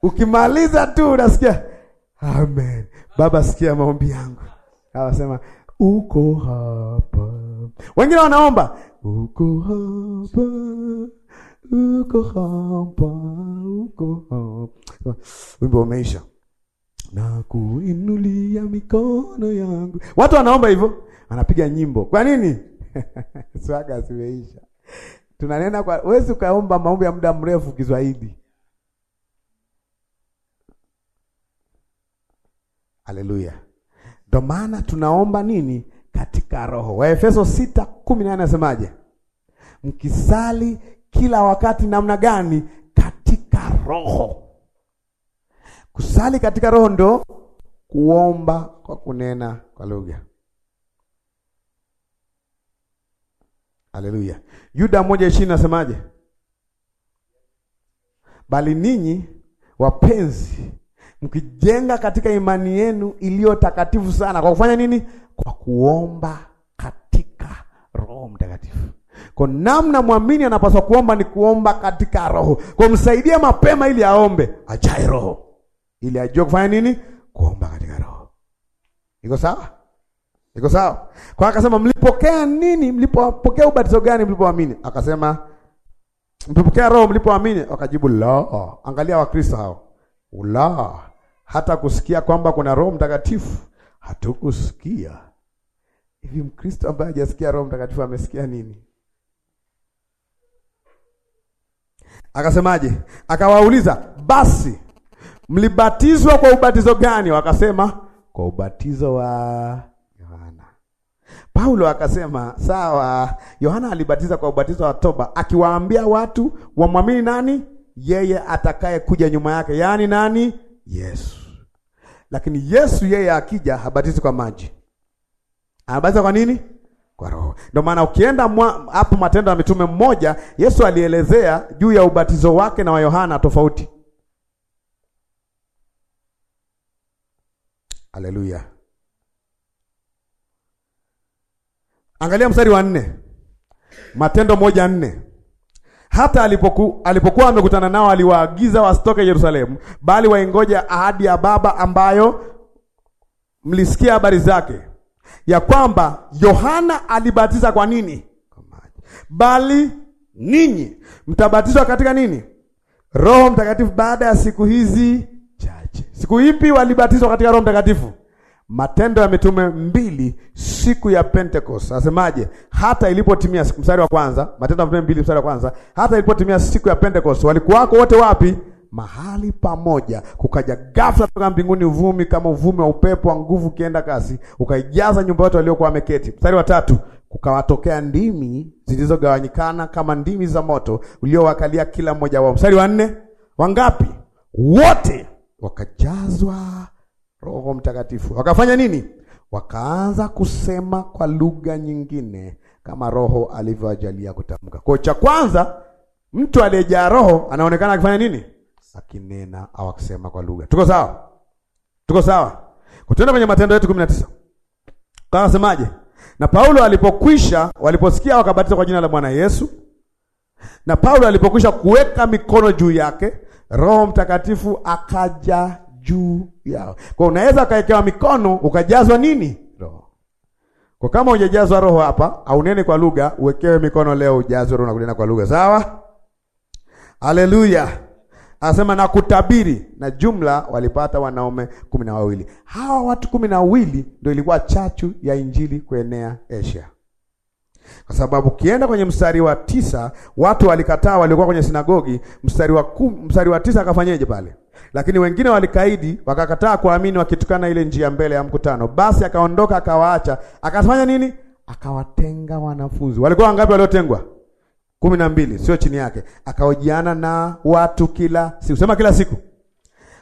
S1: Ukimaliza tu unasikia amen, Baba sikia maombi yangu. Awasema uko hapa, wengine wanaomba uko hapa, uko hapa, uko hapa, wimbo umeisha na kuinulia mikono yangu. Watu wanaomba hivyo, wanapiga nyimbo. Kwa nini? Swaga zimeisha. Tunanena kwa wewe, ukaomba maombi ya muda mrefu Kiswahili. Haleluya. Ndo maana tunaomba nini? Katika roho. Waefeso 6:18 nasemaje? Mkisali kila wakati namna gani? Katika roho. Kusali katika roho ndo kuomba kwa kunena kwa lugha. Haleluya. Yuda moja ishirini nasemaje? Bali ninyi wapenzi, mkijenga katika imani yenu iliyo takatifu sana kwa kufanya nini? Kwa kuomba katika Roho Mtakatifu. Kwa namna mwamini anapaswa kuomba ni kuomba katika Roho. Kwa msaidia mapema ili aombe, ajae Roho ili ajue kufanya nini? Kuomba katika roho. Iko sawa? Iko sawa? Kwa akasema mlipokea nini? Mlipopokea ubatizo gani mlipoamini? Akasema mlipokea roho mlipoamini? Wakajibu la. Angalia Wakristo hao. La. Hata kusikia kwamba kuna Roho Mtakatifu hatukusikia. Hivi Mkristo ambaye hajasikia Roho Mtakatifu amesikia nini? Akasemaje? Akawauliza, basi mlibatizwa kwa ubatizo gani? Wakasema kwa ubatizo wa Yohana. Paulo akasema sawa, Yohana alibatiza kwa ubatizo wa toba, akiwaambia watu wamwamini nani? Yeye atakaye kuja nyuma yake, yaani nani? Yesu. Lakini Yesu yeye akija habatizi kwa maji, anabatiza kwa nini? Kwa Roho. Ndio maana ukienda hapo Matendo ya Mitume mmoja, Yesu alielezea juu ya ubatizo wake na wa Yohana tofauti Haleluya. Angalia mstari wa nne, Matendo moja nne. Hata alipoku, alipokuwa amekutana nao aliwaagiza wasitoke Yerusalemu, bali waingoja ahadi ya Baba ambayo mlisikia habari zake, ya kwamba Yohana alibatiza kwa nini? Bali ninyi mtabatizwa katika nini? Roho Mtakatifu baada ya siku hizi Siku ipi walibatizwa katika Roho Mtakatifu? Matendo ya Mitume mbili, siku ya Pentecost. Asemaje? hata ilipotimia, siku, mstari wa kwanza, Matendo ya Mitume mbili mstari wa kwanza, hata ilipotimia siku ya Pentecost, walikuwako wote wapi? mahali pamoja. Kukaja ghafla toka mbinguni uvumi kama uvumi wa upepo wa nguvu ukienda kasi, ukaijaza nyumba yote waliokuwa wameketi. Mstari wa tatu, kukawatokea ndimi zilizogawanyikana kama ndimi za moto uliowakalia kila mmoja wao. Mstari wa nne, wangapi? Wote wakajazwa Roho Mtakatifu, wakafanya nini? Wakaanza kusema kwa lugha nyingine kama Roho alivyoajalia kutamka. Kwa cha kwanza, mtu aliyejaa Roho anaonekana akifanya nini? Akinena au akisema kwa lugha. Tuko sawa? Tuko sawa? Kutenda kwenye Matendo yetu 19. Kwa semaje? Na Paulo alipokwisha, waliposikia wakabatizwa kwa jina la Bwana Yesu. Na Paulo alipokwisha kuweka mikono juu yake, Roho Mtakatifu akaja juu yao. Kwa unaweza ukawekewa mikono ukajazwa nini? Roho. Kwa kama hujajazwa roho hapa, au nene kwa lugha, uwekewe mikono leo ujazwe roho na kunena kwa lugha. Sawa? Haleluya. Anasema na kutabiri na jumla walipata wanaume kumi na wawili. Hawa watu kumi na wawili ndio ilikuwa chachu ya injili kuenea Asia. Kwa sababu ukienda kwenye mstari wa tisa, watu walikataa, walikuwa kwenye sinagogi. Mstari wa kum, mstari wa tisa akafanyeje pale? Lakini wengine walikaidi, wakakataa kuamini, wakitukana ile njia mbele ya mkutano. Basi akaondoka akawaacha, akafanya nini? Akawatenga wanafunzi. Walikuwa wangapi waliotengwa? kumi na mbili, sio chini yake. Akaojiana na watu kila siku, sema kila siku.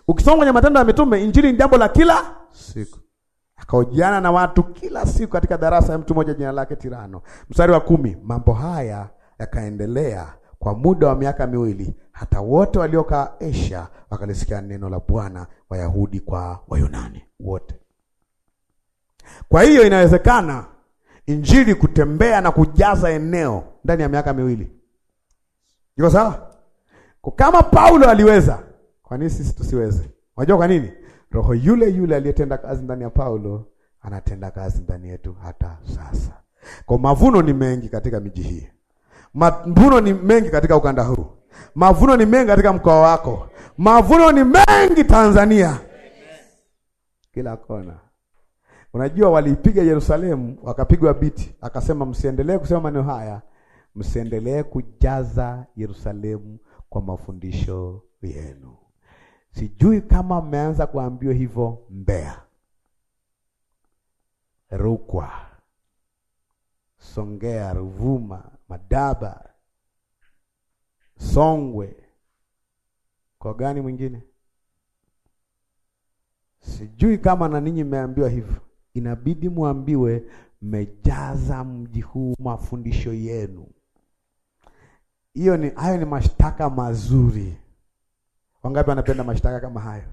S1: Ukisoma kwenye Matendo ya Mitume, injili ni jambo la kila siku akaojiana na watu kila siku katika darasa ya mtu mmoja jina lake Tirano. Mstari wa kumi, mambo haya yakaendelea kwa muda wa miaka miwili, hata wote waliokaa Asia wakalisikia neno la Bwana, Wayahudi kwa Wayunani wote. Kwa hiyo inawezekana injili kutembea na kujaza eneo ndani ya miaka miwili. Iko sawa? Kama Paulo aliweza, kwa nini sisi tusiweze? Unajua kwa nini? Roho yule yule aliyetenda kazi ndani ya Paulo anatenda kazi ndani yetu hata sasa. Kwa mavuno ni mengi katika miji hii, mavuno ni mengi katika ukanda huu, mavuno ni mengi katika mkoa wako, mavuno ni mengi Tanzania, kila kona. Unajua, waliipiga Yerusalemu wakapigwa biti, akasema msiendelee kusema maneno haya, msiendelee kujaza Yerusalemu kwa mafundisho yenu. Sijui kama mmeanza kuambiwa hivyo Mbeya, Rukwa, Songea, Ruvuma, Madaba, Songwe, kwa gani mwingine sijui kama na ninyi mmeambiwa hivyo. Inabidi mwambiwe mmejaza mji huu mafundisho yenu. Hiyo ni hayo ni mashtaka mazuri. Wangapi wanapenda mashtaka kama hayo?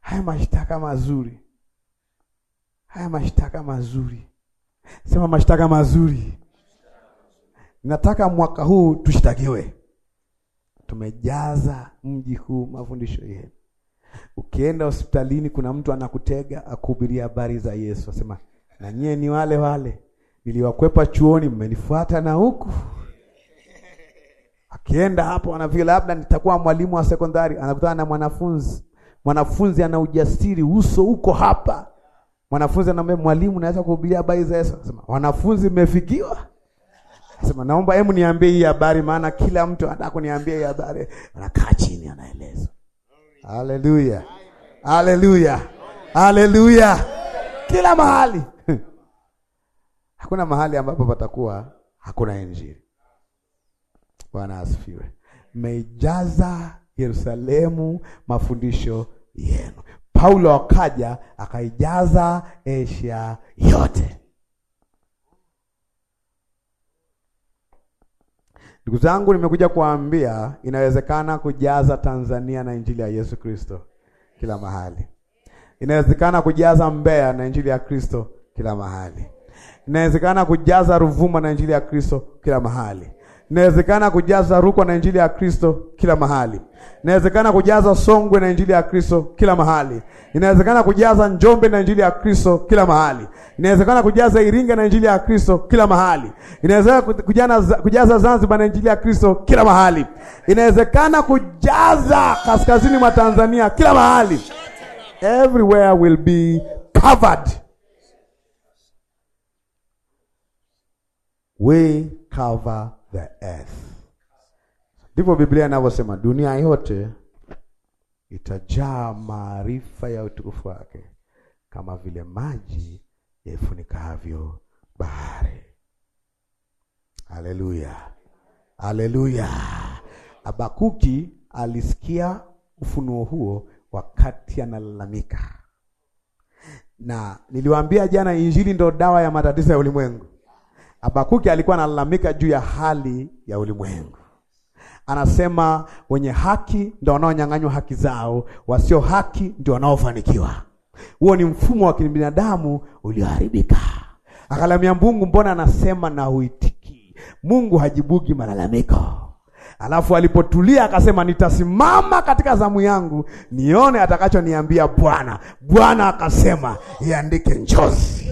S1: Haya mashtaka mazuri, haya mashtaka mazuri. Sema mashtaka mazuri. Nataka mwaka huu tushtakiwe, tumejaza mji huu mafundisho yenu. Ukienda hospitalini, kuna mtu anakutega akuhubiria habari za Yesu, asema na nyie ni wale wale niliwakwepa chuoni, mmenifuata na huku Kienda hapo anafikiri labda nitakuwa mwalimu wa sekondari, anakutana na mwanafunzi. Mwanafunzi ana ujasiri, uso uko hapa. Mwanafunzi anamwambia mwalimu, naweza kuhubiria habari za Yesu? Anasema wanafunzi, mmefikiwa? Anasema naomba hebu niambie hii habari, maana kila mtu anataka kuniambia hii habari. Anakaa chini, anaeleza. Haleluya, haleluya, haleluya! Kila mahali hakuna mahali ambapo patakuwa hakuna Injili. Bwana asifiwe. Mmeijaza Yerusalemu mafundisho yenu. Paulo akaja akaijaza Asia yote. Ndugu zangu, nimekuja kuambia inawezekana kujaza Tanzania na injili ya Yesu Kristo kila mahali. Inawezekana kujaza Mbeya na injili ya Kristo kila mahali. Inawezekana kujaza Ruvuma na injili ya Kristo kila mahali. Inawezekana kujaza Rukwa na injili ya Kristo kila mahali. Inawezekana kujaza Songwe na injili ya Kristo kila mahali. Inawezekana kujaza Njombe na injili ya Kristo kila mahali. Inawezekana kujaza Iringa na injili ya Kristo kila mahali. Inawezekana kujaza, kujaza Zanzibar na injili ya Kristo kila mahali. Inawezekana kujaza kaskazini mwa Tanzania kila mahali. Everywhere will be covered. We cover the earth. Ndivyo Biblia inavyosema, dunia yote itajaa maarifa ya utukufu wake kama vile maji yaifunikavyo bahari. Haleluya, haleluya. abakuki alisikia ufunuo huo wakati analalamika, na niliwaambia jana, injili ndo dawa ya matatizo ya ulimwengu abakuki alikuwa analalamika juu ya hali ya ulimwengu. Anasema wenye haki ndio wanaonyang'anywa haki zao, wasio haki ndio wanaofanikiwa. Huo ni mfumo wa kibinadamu ulioharibika. Akalamia Mungu, mbona anasema na uitiki? Mungu hajibugi malalamiko. Alafu alipotulia akasema, nitasimama katika zamu yangu nione atakachoniambia Bwana. Bwana akasema, iandike njozi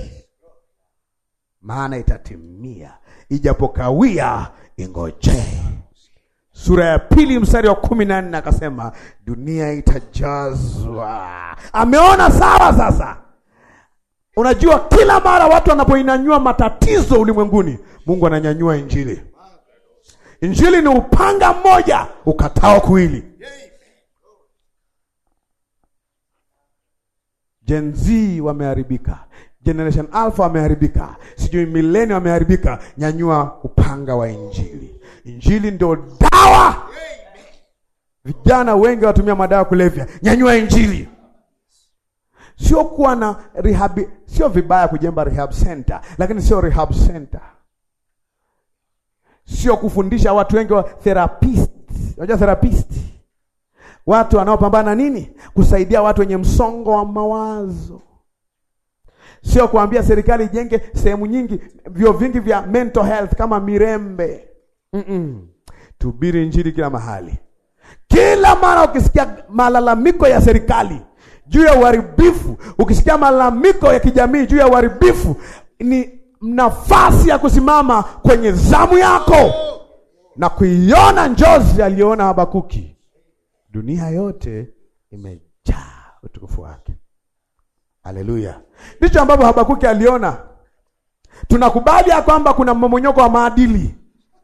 S1: maana itatimia, ijapokawia ingoje. Sura ya pili mstari wa kumi na nne akasema dunia itajazwa. Ameona sawa. Sasa unajua, kila mara watu wanapoinanyua matatizo ulimwenguni, Mungu ananyanyua Injili. Injili ni upanga mmoja ukatao kuwili. Gen Z wameharibika. Generation Alpha wameharibika, sijui mileni wameharibika. Nyanyua upanga wa Injili. Injili ndio dawa. Vijana wengi watumia madawa kulevya. Nyanyua Injili. Sio kuwa na rehab, sio vibaya kujemba rehab center, lakini sio rehab center, sio kufundisha watu wengi wa therapist. Unajua therapist, watu wanaopambana nini, kusaidia watu wenye msongo wa mawazo sio kuambia serikali ijenge sehemu nyingi vyo vingi vya mental health kama Mirembe. mm -mm. Tubiri injili kila mahali. Kila mara ukisikia malalamiko ya serikali juu ya uharibifu, ukisikia malalamiko ya kijamii juu ya uharibifu, ni nafasi ya kusimama kwenye zamu yako na kuiona njozi aliona Habakuki, dunia yote imejaa utukufu wake. Haleluya! Ndicho ambavyo Habakuki aliona. Tunakubali ya kwamba kuna mmomonyoko wa maadili.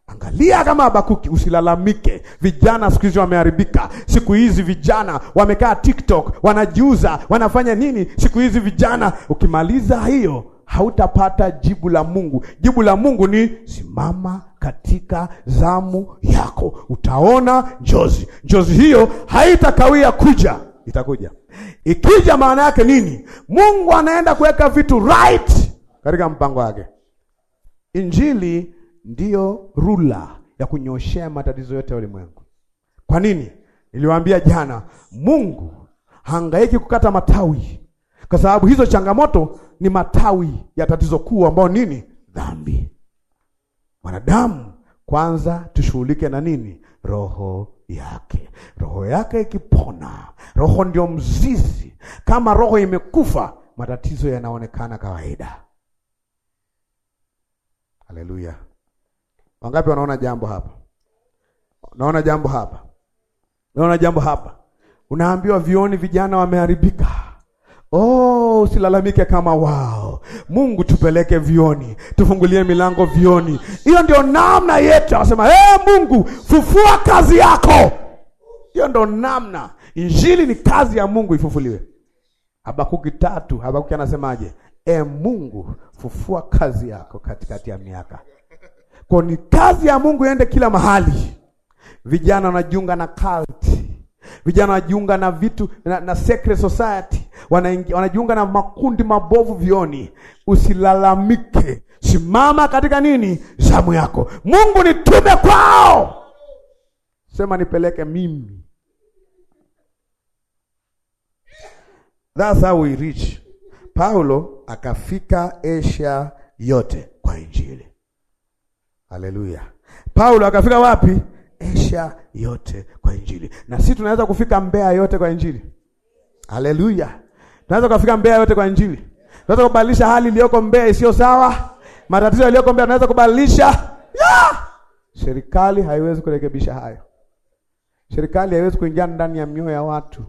S1: Angalia kama Habakuki, usilalamike. Vijana siku hizi wameharibika. Siku hizi vijana wamekaa TikTok, wanajiuza, wanafanya nini? Siku hizi vijana, ukimaliza hiyo hautapata jibu la Mungu. Jibu la Mungu ni simama katika zamu yako, utaona njozi. Njozi hiyo haitakawia kuja itakuja. Ikija maana yake nini? Mungu anaenda kuweka vitu right katika mpango wake. Injili ndiyo rula ya kunyoshea matatizo yote ya ulimwengu. Kwa nini? Niliwaambia jana, Mungu hangaiki kukata matawi, kwa sababu hizo changamoto ni matawi ya tatizo kuu ambao nini? Dhambi. Wanadamu kwanza tushughulike na nini? Roho yake. Roho yake ikipona, roho ndio mzizi. Kama roho imekufa, matatizo yanaonekana kawaida. Haleluya! Wangapi wanaona jambo hapa? Naona jambo hapa, naona jambo hapa. Unaambiwa vioni vijana wameharibika Oh, usilalamike kama wao. Mungu, tupeleke vioni, tufungulie milango vioni. Hiyo ndio namna yetu, anasema hey, ee Mungu fufua kazi yako. Hiyo ndio namna. Injili ni kazi ya Mungu ifufuliwe. Habakuki tatu, Habakuki anasemaje? E Mungu fufua kazi yako katikati ya miaka. Kwa ni kazi ya Mungu iende kila mahali. Vijana wanajiunga na cult. Vijana wanajiunga na vitu na, na secret society wanajiunga na makundi mabovu vioni. Usilalamike, simama katika nini? Zamu yako. Mungu nitume kwao, sema nipeleke mimi. That's how we reach. Paulo akafika Asia yote kwa Injili. Haleluya. Paulo akafika wapi? Asia yote kwa Injili. Na sisi tunaweza kufika Mbeya yote kwa Injili. Haleluya. Naweza kufika Mbeya yote kwa Injili. Naweza kubadilisha hali iliyoko Mbeya isiyo sawa. Matatizo yaliyoko Mbeya naweza kubadilisha. Yeah! Serikali haiwezi kurekebisha hayo. Serikali haiwezi kuingia ndani ya mioyo ya watu.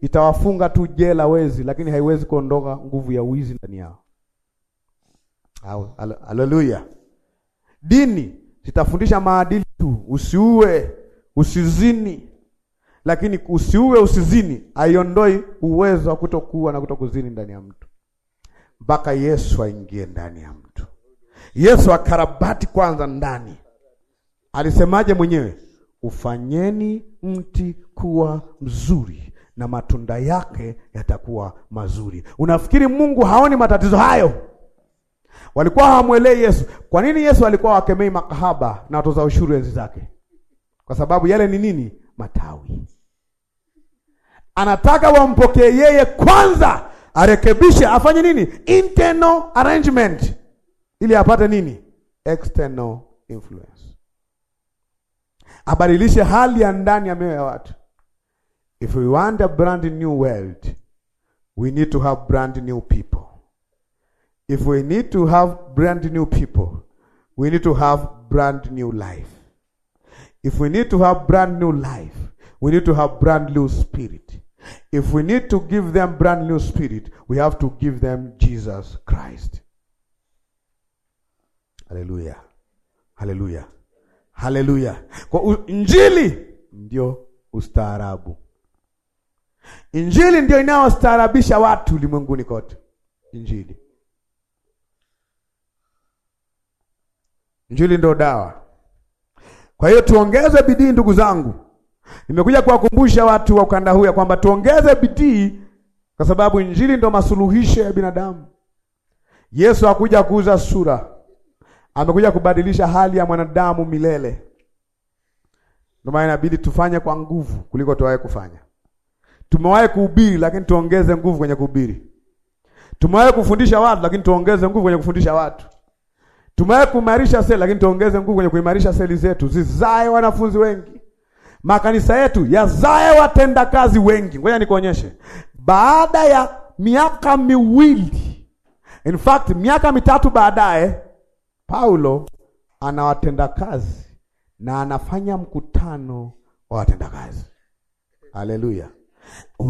S1: Itawafunga tu jela wezi, lakini haiwezi kuondoka nguvu ya wizi ndani yao. Haleluya. Dini zitafundisha maadili tu, usiue, usizini, lakini usiue, usizini haiondoi uwezo wa kutokuwa na kutokuzini ndani ya mtu, mpaka Yesu aingie ndani ya mtu. Yesu akarabati kwanza ndani. Alisemaje mwenyewe? Ufanyeni mti kuwa mzuri na matunda yake yatakuwa mazuri. Unafikiri Mungu haoni matatizo hayo? Walikuwa hawamwelewi Yesu. Kwa nini Yesu alikuwa wakemei makahaba na watoza ushuru enzi zake? Kwa sababu yale ni nini? Matawi anataka wampokee yeye kwanza, arekebishe, afanye nini? Internal arrangement ili apate nini? External influence, abadilishe hali ya ndani ya mioyo ya watu. If we want a brand new world, we need to have brand new people. If we need to have brand new people, we need to have brand new life. If we need to have brand new life, we need to have brand new spirit. If we need to give them brand new spirit, we have to give them Jesus Christ. Hallelujah. Hallelujah. Haleluya. Kwa injili ndio ustaarabu. Injili ndio inayostaarabisha watu ulimwenguni kote. Injili. Injili ndio dawa. Kwa hiyo tuongeze bidii ndugu zangu. Nimekuja kuwakumbusha watu wa ukanda huu ya kwamba tuongeze bidii, kwa sababu injili ndo masuluhisho ya binadamu. Yesu hakuja kuuza sura, amekuja kubadilisha hali ya mwanadamu milele. Ndio maana inabidi tufanye kwa nguvu kuliko tuwahi kufanya. Tumewahi kuhubiri, lakini tuongeze nguvu kwenye kuhubiri. Tumewahi kufundisha watu, lakini tuongeze nguvu kwenye kufundisha watu. Tumewahi kuimarisha seli, lakini tuongeze nguvu kwenye kuimarisha seli zetu zizae wanafunzi wengi makanisa yetu yazae watendakazi wengi. Ngoja nikuonyeshe, baada ya miaka miwili, in fact miaka mitatu baadaye, Paulo ana watendakazi na anafanya mkutano wa watendakazi. Haleluya!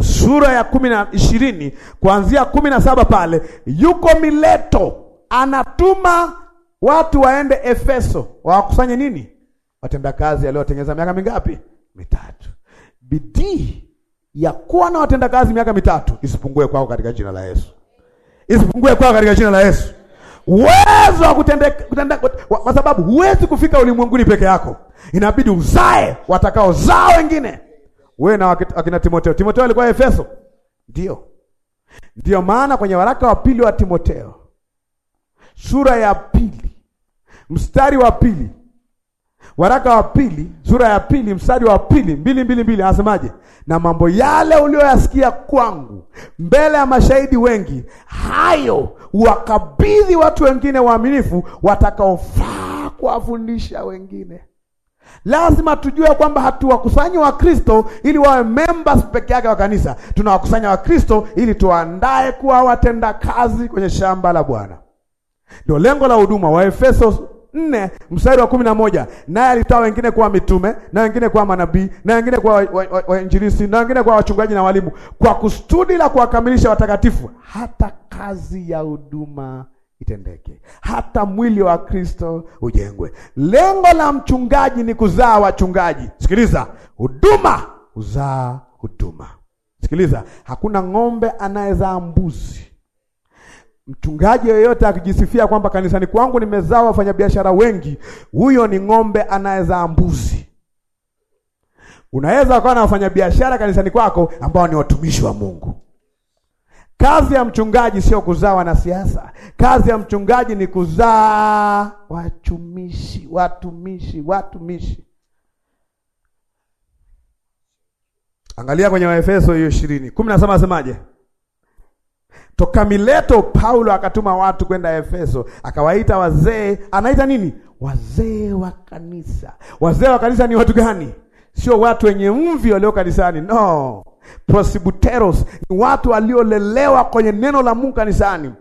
S1: Sura ya kumi na ishirini kuanzia kumi na saba pale yuko Mileto, anatuma watu waende Efeso wawakusanye nini watendakazi aliotengeneza miaka mingapi? mitatu. Bidii ya kuwa na watendakazi miaka mitatu isipungue kwako katika jina la Yesu, isipungue kwako katika jina la Yesu. Uwezo wa kutenda, kwa sababu huwezi kufika ulimwenguni peke yako, inabidi uzae watakaozaa wengine. Wewe na akina Timotheo. Timotheo alikuwa Efeso, ndio ndio maana kwenye waraka wa pili wa Timotheo sura ya pili mstari wa pili Waraka wa pili sura ya pili mstari wa pili mbili mbili mbili anasemaje? Na mambo yale uliyoyasikia kwangu mbele ya mashahidi wengi, hayo wakabidhi watu wengine waaminifu, watakaofaa kuwafundisha wengine. Lazima tujue kwamba hatuwakusanyi Wakristo ili wawe members peke yake wa kanisa. Tunawakusanya Wakristo ili tuandae kuwa watenda kazi kwenye shamba la Bwana. Ndio lengo la huduma wa Efeso nne mstari wa kumi na moja naye alitoa wengine kuwa mitume na wengine kuwa manabii na wengine kuwa wainjilisi na wengine kuwa wachungaji na walimu, kwa kusudi la kuwakamilisha watakatifu, hata kazi ya huduma itendeke, hata mwili wa Kristo ujengwe. Lengo la mchungaji ni kuzaa wachungaji. Sikiliza, huduma huzaa huduma. Sikiliza, hakuna ng'ombe anayezaa mbuzi Mchungaji yoyote akijisifia kwamba kanisani kwangu nimezaa wafanyabiashara wengi, huyo ni ng'ombe anayezaa mbuzi. Unaweza ukawa na wafanyabiashara kanisani kwako ambao ni watumishi wa Mungu. Kazi ya mchungaji sio kuzaa wanasiasa. Kazi ya mchungaji ni kuzaa watumishi, watumishi, watumishi. Angalia kwenye Waefeso hiyo ishirini kumi na saba, asemaje? Toka Mileto Paulo akatuma watu kwenda Efeso, akawaita wazee, anaita nini? Wazee wa kanisa. Wazee wa kanisa ni watu gani? Sio watu wenye mvi walio kanisani, no. prosibuteros ni watu waliolelewa kwenye neno la Mungu kanisani.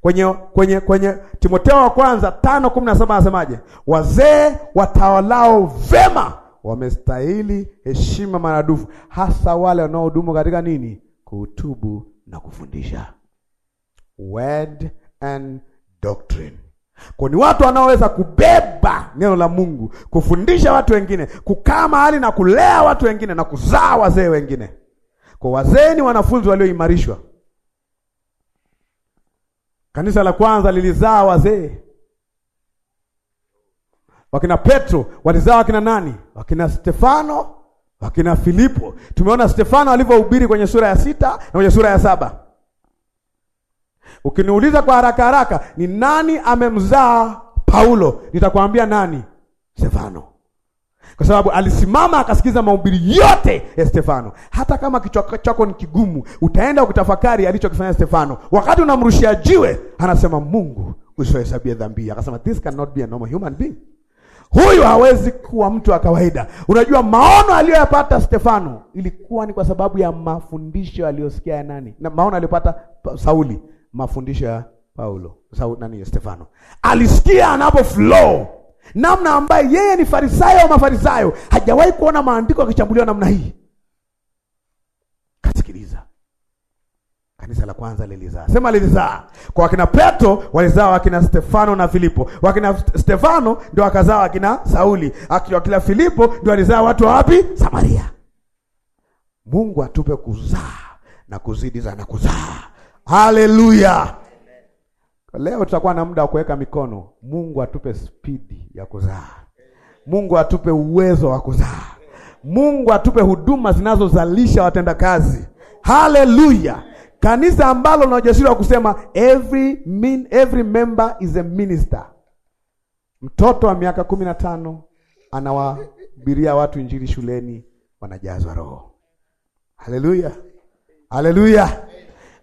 S1: Kwenye kwenye kwenye Timotheo wa kwanza 5:17 anasemaje? Wazee watawalao vema wamestahili heshima maradufu, hasa wale wanaohudumu katika nini? Kuhutubu na kufundisha word and doctrine. Kwa ni watu wanaoweza kubeba neno la Mungu, kufundisha watu wengine, kukaa mahali na kulea watu wengine na kuzaa wazee wengine. Kwa wazee ni wanafunzi walioimarishwa. Kanisa la kwanza lilizaa wazee. Wakina Petro walizaa wakina nani? Wakina Stefano, wakina Filipo. Tumeona Stefano alivyohubiri kwenye sura ya sita na kwenye sura ya saba. Ukiniuliza kwa haraka haraka, ni nani amemzaa Paulo, nitakwambia nani? Stefano, kwa sababu alisimama akasikiza mahubiri yote ya Stefano. Hata kama kichwa chako ni kigumu, utaenda ukitafakari alichokifanya Stefano. Wakati unamrushia jiwe, anasema Mungu usiwahesabie dhambi. Akasema this cannot be a normal human being. Huyu hawezi kuwa mtu wa kawaida. Unajua, maono aliyoyapata Stefano ilikuwa ni kwa sababu ya mafundisho aliyosikia ya nani, na maono aliyopata Sauli mafundisho ya Paulo sau nani Stefano alisikia anapo flow namna ambaye yeye ni farisayo wa mafarisayo, hajawahi kuona maandiko yakichambuliwa namna hii. Kasikiliza kanisa la kwanza lilizaa, sema lilizaa kwa wakina Petro, walizaa wakina Stefano na Filipo. Wakina Stefano ndio akazaa wakina Sauli, wakina Filipo ndio walizaa watu wapi? Samaria. Mungu atupe kuzaa na kuzidi na kuzaa Haleluya! Leo tutakuwa na muda wa kuweka mikono. Mungu atupe spidi ya kuzaa, Mungu atupe uwezo wa kuzaa, Mungu atupe huduma zinazozalisha watendakazi. Haleluya! Kanisa ambalo na ujasiri wa kusema every, min, every member is a minister. Mtoto wa miaka kumi na tano anawabiria watu injili shuleni, wanajazwa Roho. Haleluya, haleluya.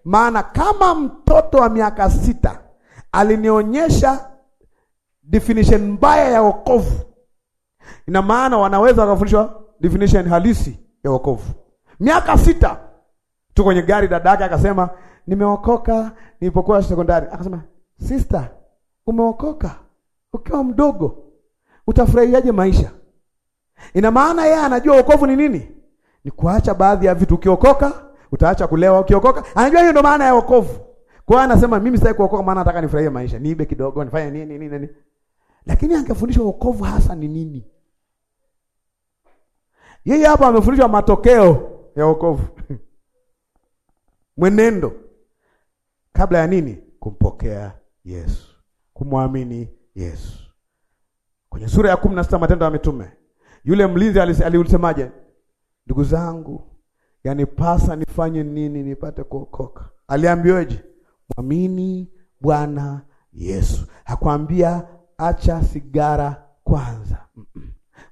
S1: Maana kama mtoto wa miaka sita alinionyesha definition mbaya ya wokovu, ina maana wanaweza wakafundishwa definition halisi ya wokovu. Miaka sita tu kwenye gari, dadake akasema nimeokoka nilipokuwa sekondari. Akasema sister, umeokoka ukiwa mdogo, utafurahiaje maisha? Ina maana yeye anajua wokovu ni nini, ni kuacha baadhi ya vitu ukiokoka utaacha kulewa ukiokoka. Anajua hiyo ndio maana ya wokovu. Kwa hiyo anasema mimi sitaki kuokoka, maana nataka nifurahie maisha, niibe kidogo, nifanye nini nini nini. Lakini angefundishwa wokovu hasa ni nini? Yeye hapa amefundishwa matokeo ya wokovu mwenendo kabla ya nini? Kumpokea Yesu, kumwamini Yesu. Kwenye sura ya kumi na sita Matendo ya Mitume, yule mlinzi aliulisemaje? Ndugu zangu, yani pasa nifanye nini nipate kuokoka? Aliambiweje? Mwamini Bwana Yesu. Hakwambia acha sigara kwanza.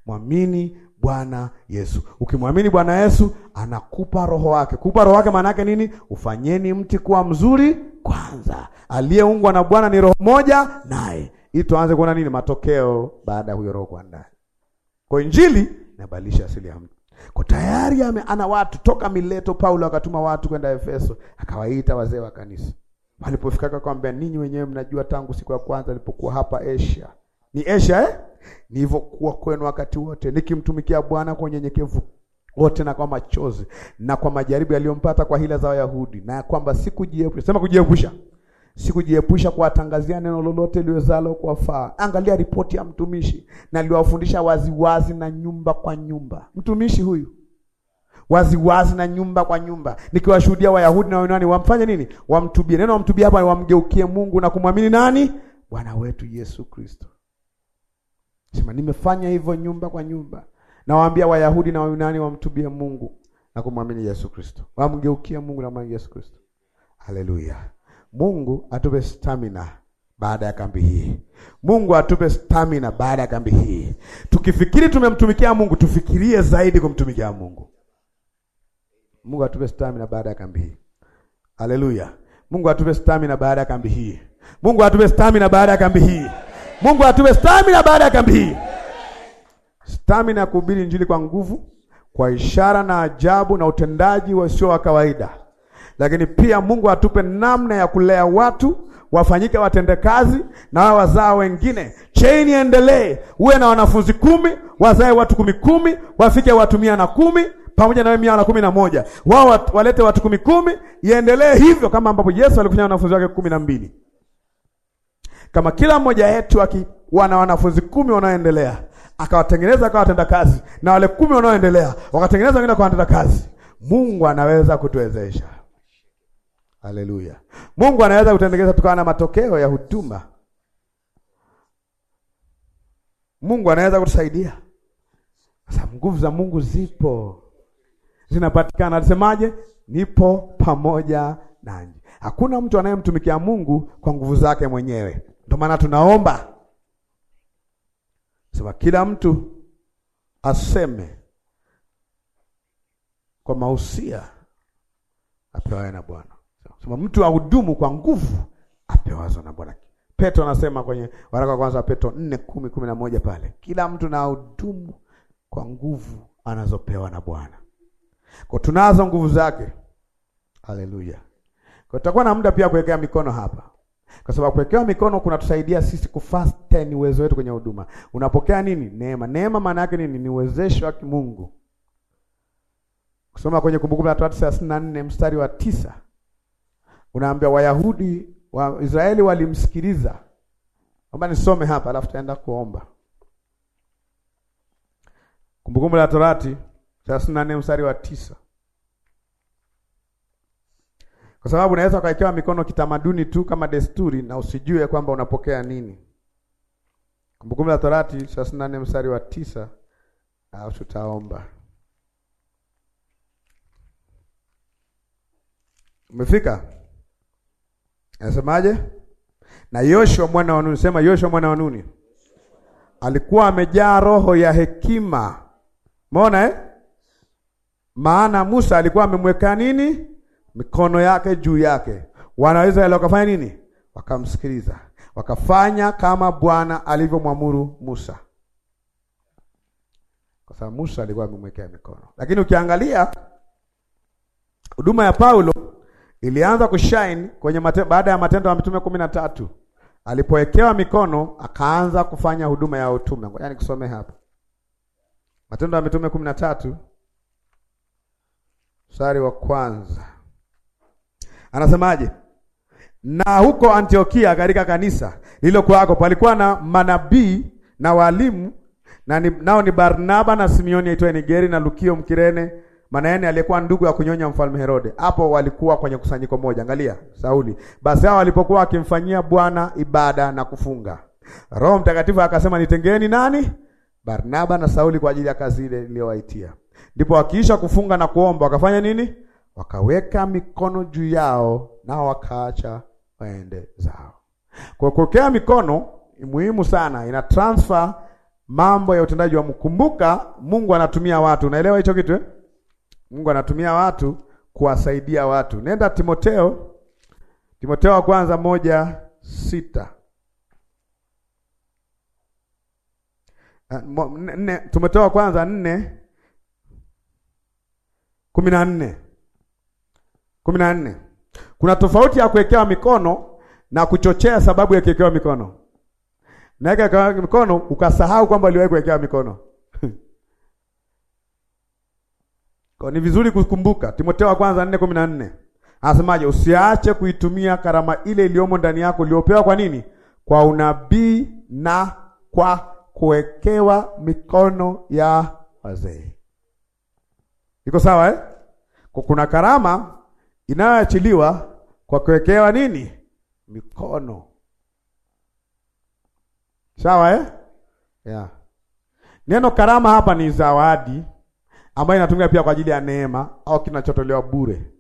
S1: Mwamini Bwana Yesu. Ukimwamini Bwana Yesu anakupa roho wake. Kupa roho wake maana yake nini? Ufanyeni mti kuwa mzuri kwanza. Aliyeungwa na Bwana ni roho moja naye. Ili tuanze kuona nini matokeo baada ya huyo roho kwa ndani. Kwa Injili inabadilisha asili ya mtu. Kwa tayari ame ana watu toka Mileto. Paulo akatuma watu kwenda Efeso, akawaita wazee wa kanisa. Walipofika akamwambia, ninyi wenyewe mnajua tangu siku ya kwanza nilipokuwa hapa Asia, ni Asia eh, nilivyokuwa kwenu wakati wote nikimtumikia Bwana kwa unyenyekevu wote na kwa machozi na kwa majaribu yaliyompata kwa hila za Wayahudi, na kwamba sikujiepusha, sema kujiepusha sikujiepusha kuwatangazia neno lolote liwezalo kuwafaa. Angalia ripoti ya mtumishi, na liwafundisha waziwazi na nyumba kwa nyumba. Mtumishi huyu waziwazi na nyumba kwa nyumba, nikiwashuhudia Wayahudi na Wayunani wamfanye nini? Wamtubie. Neno wamtubie hapa wamgeukie Mungu na kumwamini nani? Bwana wetu Yesu Kristo. Sema nimefanya hivyo nyumba kwa nyumba, nawaambia Wayahudi na Wayunani wamtubie Mungu na kumwamini Yesu Kristo, wamgeukie Mungu na kumwamini Yesu Kristo. Haleluya! Mungu atupe stamina baada ya kambi hii. Mungu atupe stamina baada ya kambi hii. Tukifikiri tumemtumikia Mungu, tufikirie zaidi kumtumikia Mungu. Mungu atupe stamina baada ya kambi hii. Haleluya. Mungu atupe stamina baada ya kambi hii. Mungu atupe stamina baada ya kambi hii. Mungu atupe stamina baada ya kambi hii. Stamina ya kuhubiri Injili kwa nguvu, kwa ishara na ajabu na utendaji wasio wa kawaida lakini pia Mungu atupe namna ya kulea watu wafanyike watendekazi na wao wazaa wengine. Cheni endelee, uwe na wanafunzi kumi, wazae watu kumi kumi, wafike watu mia na kumi pamoja na wewe mia na kumi na moja wao walete watu kumi kumi, iendelee hivyo kama ambapo Yesu alikufanya wanafunzi wake kumi na mbili. Kama kila mmoja wetu na wanafunzi kumi wanaoendelea akawatengeneza akawa watenda kazi, na wale kumi wanaoendelea wakatengeneza wengine kwa watenda kazi, Mungu anaweza kutuwezesha. Haleluya. Mungu anaweza kutendekeza tukawa na matokeo ya huduma. Mungu anaweza kutusaidia. Sasa nguvu za Mungu zipo, zinapatikana. Alisemaje? Nipo pamoja nanyi. Hakuna mtu anayemtumikia Mungu kwa nguvu zake mwenyewe. Ndio maana tunaomba sema, kila mtu aseme kwa mausia apewaye na Bwana. Sema mtu ahudumu kwa nguvu apewazo na Bwana. Petro anasema kwenye waraka wa kwanza wa Petro 4:10-11 pale, kila mtu na ahudumu kwa nguvu anazopewa na Bwana. Kwa tunazo nguvu zake. Haleluya. Kwa tutakuwa na muda pia kuwekea mikono hapa. Kwa sababu kuwekea mikono kunatusaidia sisi kufasten uwezo wetu kwenye huduma. Unapokea nini? Neema. Neema maana yake nini? Ni uwezesho wa kimungu. Kusoma kwenye Kumbukumbu la Torati 34 mstari wa tisa unaambia Wayahudi wa Israeli walimsikiliza. Omba nisome hapa alafu tutaenda kuomba. Kumbukumbu la Torati 34 mstari wa tisa. Kwa sababu unaweza ukawekewa mikono kitamaduni tu kama desturi na usijue kwamba unapokea nini. Kumbukumbu la Torati 34 mstari wa tisa, alafu tutaomba. Umefika? Anasemaje? Na Yoshua mwana wa Nuni, sema Yoshua mwana wa Nuni alikuwa amejaa roho ya hekima. Umeona eh? Maana Musa alikuwa amemwekea nini? Mikono yake juu yake. Wanaweza wale wakafanya nini? Wakamsikiliza, wakafanya kama Bwana alivyomwamuru Musa, kwa sababu Musa alikuwa amemwekea mikono. Lakini ukiangalia huduma ya Paulo ilianza kushine kwenye mate, baada ya Matendo ya Mitume kumi na tatu alipowekewa mikono akaanza kufanya huduma ya utume. Ngoja nikusome hapa Matendo ya Mitume kumi na tatu mstari wa kwanza anasemaje? Na huko Antiokia katika kanisa lililokuwako palikuwa na manabii na walimu na ni, nao ni Barnaba na simeoni aitwaye Nigeri na Lukio Mkirene maana yeye alikuwa ndugu ya kunyonya mfalme Herode. Hapo walikuwa kwenye kusanyiko moja. Angalia Sauli. Basi hao walipokuwa wakimfanyia Bwana ibada na kufunga, Roho Mtakatifu akasema, nitengeni nani? Barnaba na Sauli kwa ajili ya kazi ile niliyowaitia. Ndipo wakiisha kufunga na kuomba wakafanya nini? Wakaweka mikono juu yao, nao wakaacha waende zao. Kwa kuwekea mikono muhimu sana, ina transfer mambo ya utendaji wa mkumbuka. Mungu anatumia watu, unaelewa hicho kitu eh? Mungu anatumia watu kuwasaidia watu. Nenda Timoteo, Timoteo wa kwanza moja sita ah, nne, Timoteo wa kwanza nne kumi na nne kumi na nne Kuna tofauti ya kuwekewa mikono na kuchochea sababu ya kuwekewa mikono. Naweka mikono ukasahau kwamba uliwahi kuwekewa mikono. Kwa ni vizuri kukumbuka Timotheo wa kwanza 4:14. Anasemaje? Usiache kuitumia karama ile iliyomo ndani yako uliopewa kwa nini? Kwa unabii na kwa kuwekewa mikono ya wazee. Iko sawa eh? Kwa kuna karama inayoachiliwa kwa kuwekewa nini? Mikono. Sawa eh? Yeah. Neno karama hapa ni zawadi ambayo inatumika pia kwa ajili ya neema au kinachotolewa bure.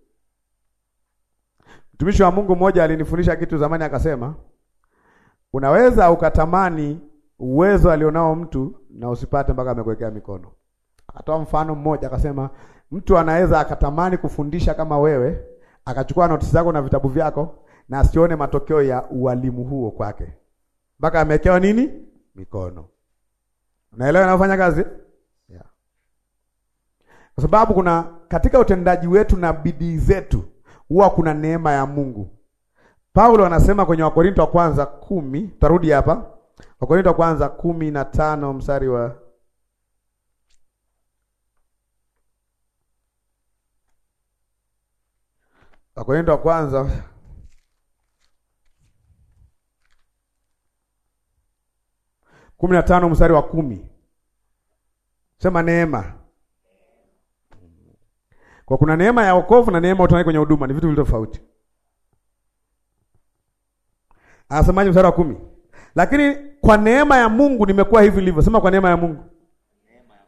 S1: Mtumishi wa Mungu mmoja alinifundisha kitu zamani, akasema unaweza ukatamani uwezo alionao mtu na usipate mpaka amekuwekea mikono. Akatoa mfano mmoja, akasema mtu anaweza akatamani kufundisha kama wewe, akachukua notisi zako na vitabu vyako na asione matokeo ya ualimu huo kwake mpaka amewekewa nini mikono. Unaelewa, anafanya kazi kwa sababu kuna katika utendaji wetu na bidii zetu huwa kuna neema ya Mungu. Paulo anasema kwenye Wakorinto wa kwanza kumi, tarudi hapa. Wakorinto wa kwanza kumi na tano mstari wa Wakorinto wa kwanza kumi na tano mstari wa kumi. Sema neema kwa kuna neema ya wokovu na neema utaona kwenye huduma ni vitu vile tofauti. Anasemaje mstari wa kumi? Lakini kwa neema ya Mungu nimekuwa hivi nilivyo. Sema kwa neema ya Mungu. Neema ya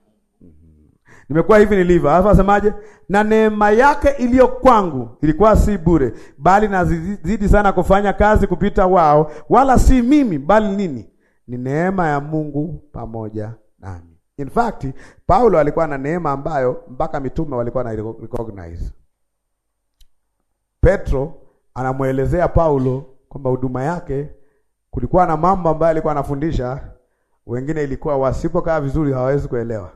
S1: Mungu. Nimekuwa hivi nilivyo. Alafu asemaje? Na neema yake iliyo kwangu ilikuwa si bure, bali nazidi sana kufanya kazi kupita wao, wala si mimi, bali nini? Ni neema ya Mungu pamoja nami. In fact, Paulo alikuwa na neema ambayo mpaka mitume walikuwa na recognize. Petro anamwelezea Paulo kwamba huduma yake kulikuwa na mambo ambayo alikuwa anafundisha, wengine ilikuwa wasipokaa vizuri hawawezi kuelewa.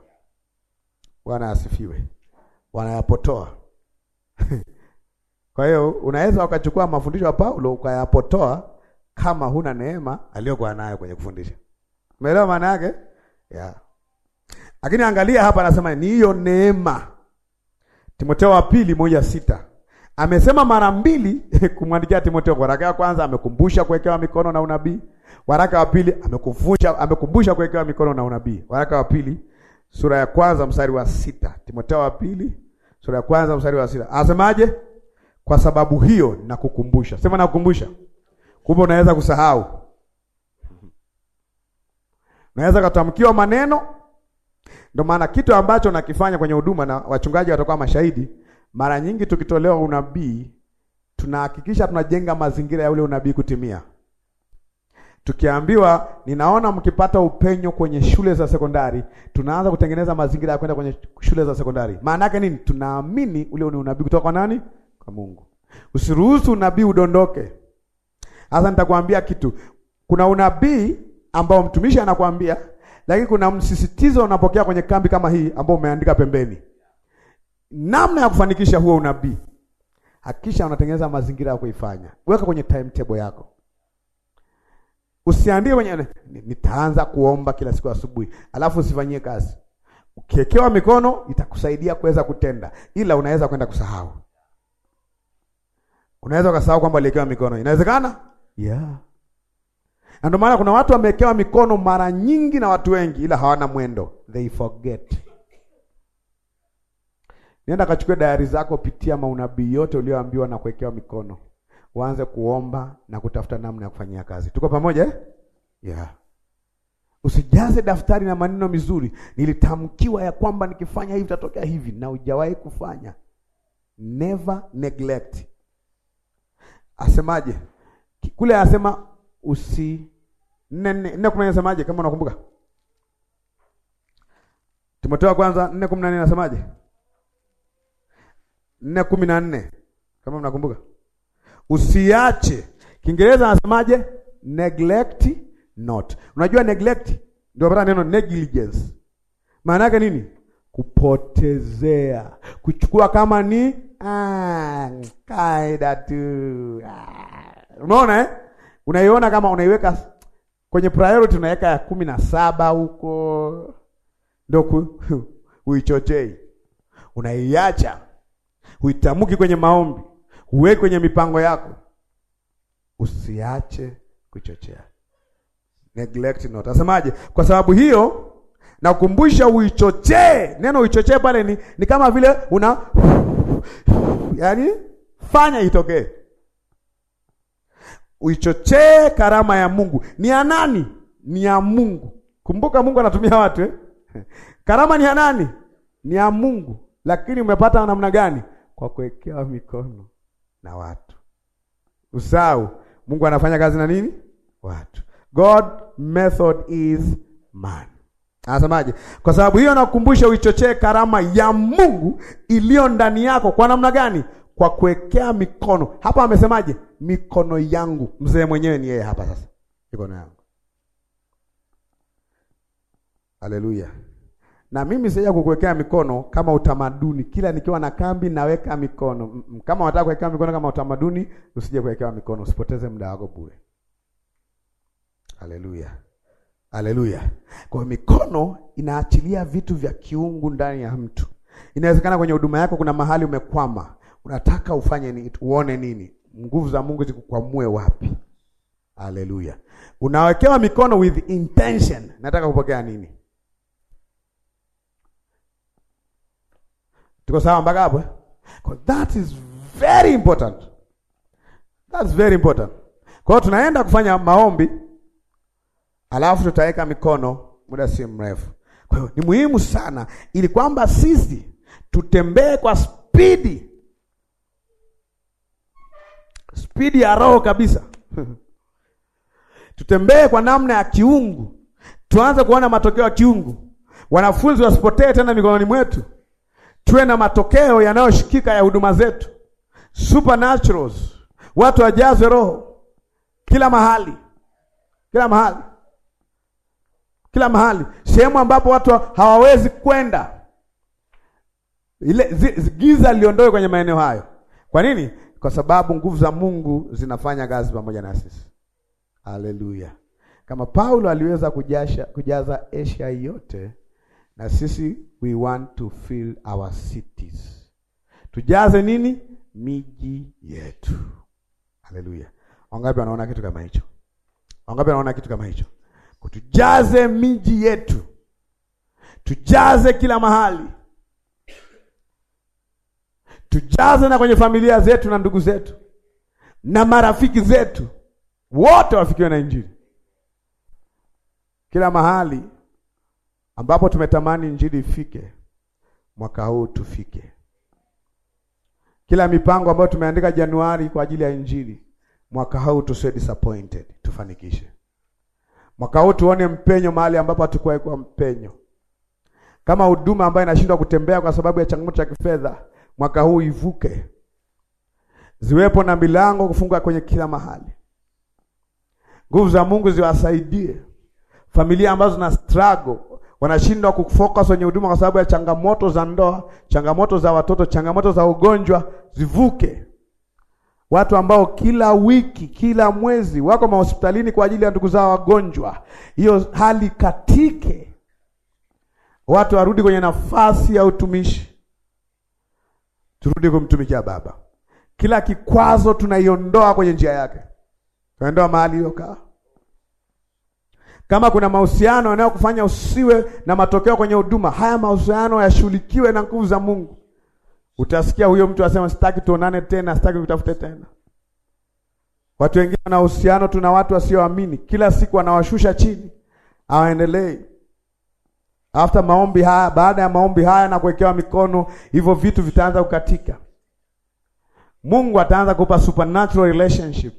S1: Bwana asifiwe. Wanayapotoa. Kwa hiyo unaweza ukachukua mafundisho ya Paulo ukayapotoa kama huna neema aliyokuwa nayo kwenye kufundisha. Umeelewa maana yake? Yeah. Lakini angalia hapa, anasema ni hiyo neema. timoteo wa pili moja sita amesema mara mbili kumwandikia Timotheo. Waraka ya kwanza amekumbusha kuwekewa mikono na unabii. Waraka wa pili amekumbusha amekumbusha kuwekewa mikono na unabii. Waraka wa pili sura ya kwanza mstari wa sita Timotheo wa pili sura ya kwanza mstari wa sita anasemaje? Kwa sababu hiyo nakukumbusha. Sema nakukumbusha. Kumbe unaweza kusahau, unaweza katamkiwa maneno ndio maana kitu ambacho nakifanya kwenye huduma na wachungaji watakuwa mashahidi, mara nyingi tukitolewa unabii tunahakikisha tunajenga mazingira ya ule unabii kutimia. Tukiambiwa ninaona mkipata upenyo kwenye shule za sekondari, tunaanza kutengeneza mazingira ya kwenda kwenye shule za sekondari. Maana yake nini? Tunaamini ule ni unabii kutoka kwa nani? Kwa Mungu. Usiruhusu unabii udondoke. Sasa nitakwambia kitu. Kuna unabii ambao mtumishi anakuambia lakini kuna msisitizo unapokea kwenye kambi kama hii ambao umeandika pembeni, namna ya kufanikisha huo unabii. Hakikisha unatengeneza mazingira ya kuifanya, weka kwenye timetable yako. Usiandike kwenye nitaanza kuomba kila siku asubuhi, alafu usifanyie kazi. Ukiwekewa mikono itakusaidia kuweza kutenda, ila unaweza kwenda kusahau. Unaweza ukasahau kwamba uliwekewa mikono, inawezekana yeah na ndio maana kuna watu wamewekewa mikono mara nyingi na watu wengi, ila hawana mwendo, they forget. Nenda kachukue dayari zako, pitia maunabii yote ulioambiwa na kuwekewa mikono, uanze kuomba na kutafuta namna ya kufanyia kazi. Tuko pamoja eh? Yeah. Usijaze daftari na maneno mizuri, nilitamkiwa ya kwamba nikifanya hivi tatokea hivi, na ujawahi kufanya. Never neglect. Asemaje kule? Asema usi nne nne nne kumi nasemaje? Kama unakumbuka Timotheo kwanza nne kumi na nne nasemaje? nne kumi na nne kama mnakumbuka, usiache. Kiingereza anasemaje? neglect not. Unajua neglect ndio pata neno negligence, maana yake nini? Kupotezea, kuchukua kama ni ah, kaida tu ah. Unaona eh? unaiona kama unaiweka kwenye priority, unaweka ya kumi na saba huko ndio uichochei, unaiacha, huitamuki kwenye maombi, uweke kwenye mipango yako, usiache kuchochea. Neglect not. Asemaje? Kwa sababu hiyo nakumbusha uichochee. Neno uichochee pale ni, ni kama vile una yani fanya itokee uichochee karama ya Mungu. Ni ya nani? Ni ya Mungu. Kumbuka Mungu anatumia watu eh? Karama ni ya nani? Ni ya Mungu. Lakini umepata namna gani? Kwa kuwekewa mikono na watu. Usau, Mungu anafanya kazi na nini? Watu. God method is man. Anasemaje? Kwa sababu hiyo nakukumbusha uichochee karama ya Mungu iliyo ndani yako kwa namna gani? Kwa kuwekea mikono. Hapa amesemaje? mikono yangu. Mzee mwenyewe ni yeye hapa sasa, mikono yangu. Haleluya. Na mimi sija kukuwekea mikono kama utamaduni, kila nikiwa na kambi naweka mikono. Kama unataka kuwekea mikono kama utamaduni, usije kuwekewa mikono, usipoteze muda wako bure. Haleluya. Haleluya. Kwa mikono inaachilia vitu vya kiungu ndani ya mtu. Inawezekana kwenye huduma yako kuna mahali umekwama, unataka ufanye nini, uone nini, nguvu za Mungu zikukwamue wapi? Haleluya! Unawekewa mikono with intention, nataka kupokea nini? Tuko sawa mpaka hapo? Eh? That is very important, that's very important. Kwa hiyo tunaenda kufanya maombi, alafu tutaweka mikono, muda si mrefu. Kwa hiyo ni muhimu sana, ili kwamba sisi tutembee kwa spidi spidi ya roho kabisa tutembee kwa namna ya kiungu, tuanze kuona matokeo ya kiungu. Wanafunzi wasipotee tena mikononi mwetu, tuwe na matokeo yanayoshikika ya huduma zetu, supernaturals. Watu wajazwe roho kila mahali, kila mahali, kila mahali, sehemu ambapo watu hawawezi kwenda, ile giza liondoe kwenye maeneo hayo. Kwa nini? kwa sababu nguvu za Mungu zinafanya kazi pamoja na sisi. Haleluya! Kama Paulo aliweza kujasha, kujaza Asia yote, na sisi we want to fill our cities, tujaze nini? Miji yetu. Haleluya! Wangapi wanaona kitu kama hicho? Wangapi wanaona kitu kama hicho? Kutujaze miji yetu, tujaze kila mahali tujaze na kwenye familia zetu na ndugu zetu na marafiki zetu wote wafikiwe na Injili. Kila mahali ambapo tumetamani Injili ifike, mwaka huu tufike. Kila mipango ambayo tumeandika Januari kwa ajili ya Injili, mwaka huu tusiwe disappointed, tufanikishe. Mwaka huu tuone mpenyo mahali ambapo hatukuwahi kuwa mpenyo, kama huduma ambayo inashindwa kutembea kwa sababu ya changamoto ya kifedha mwaka huu ivuke, ziwepo na milango kufunga kwenye kila mahali. Nguvu za Mungu ziwasaidie familia ambazo zina struggle, wanashindwa kufocus kwenye huduma kwa sababu ya changamoto za ndoa, changamoto za watoto, changamoto za ugonjwa, zivuke. Watu ambao kila wiki, kila mwezi wako mahospitalini kwa ajili ya ndugu zao wagonjwa, hiyo hali katike, watu warudi kwenye nafasi ya utumishi turudi kumtumikia Baba. Kila kikwazo tunaiondoa kwenye njia yake, tunaondoa mahali kaa. Kama kuna mahusiano yanayokufanya usiwe na matokeo kwenye huduma, haya mahusiano yashughulikiwe na nguvu za Mungu. Utasikia huyo mtu asema, sitaki tuonane tena, sitaki kutafute tena. Watu wengine wana uhusiano, tuna watu wasioamini, kila siku wanawashusha chini, hawaendelei. After maombi haya, baada ya maombi haya na kuwekewa mikono, hivyo vitu vitaanza kukatika. Mungu ataanza kupa supernatural relationship,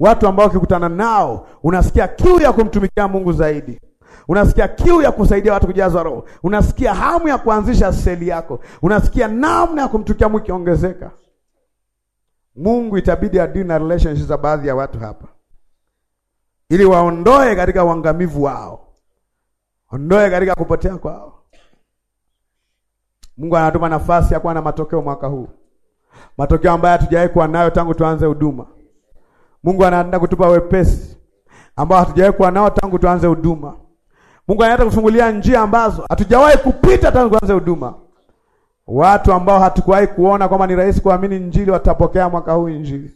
S1: watu ambao ukikutana nao unasikia kiu ya kumtumikia Mungu zaidi, unasikia kiu ya kusaidia watu kujazwa Roho, unasikia hamu ya kuanzisha seli yako, unasikia namna ya kumtukia Mungu ikiongezeka. Mungu itabidi adili na relationship za baadhi ya watu hapa, ili waondoe katika uangamivu wao ondoe katika kupotea kwao. Mungu anatuma nafasi ya kuwa na matokeo mwaka huu, matokeo ambayo hatujawahi kuwa nayo tangu tuanze huduma. Mungu anaenda kutupa wepesi ambao hatujawahi kuwa nao tangu tuanze huduma. Mungu anaenda kufungulia njia ambazo hatujawahi kupita tangu tuanze huduma. Watu ambao hatukuwahi kuona kwamba ni rahisi kuamini Injili watapokea mwaka huu Injili.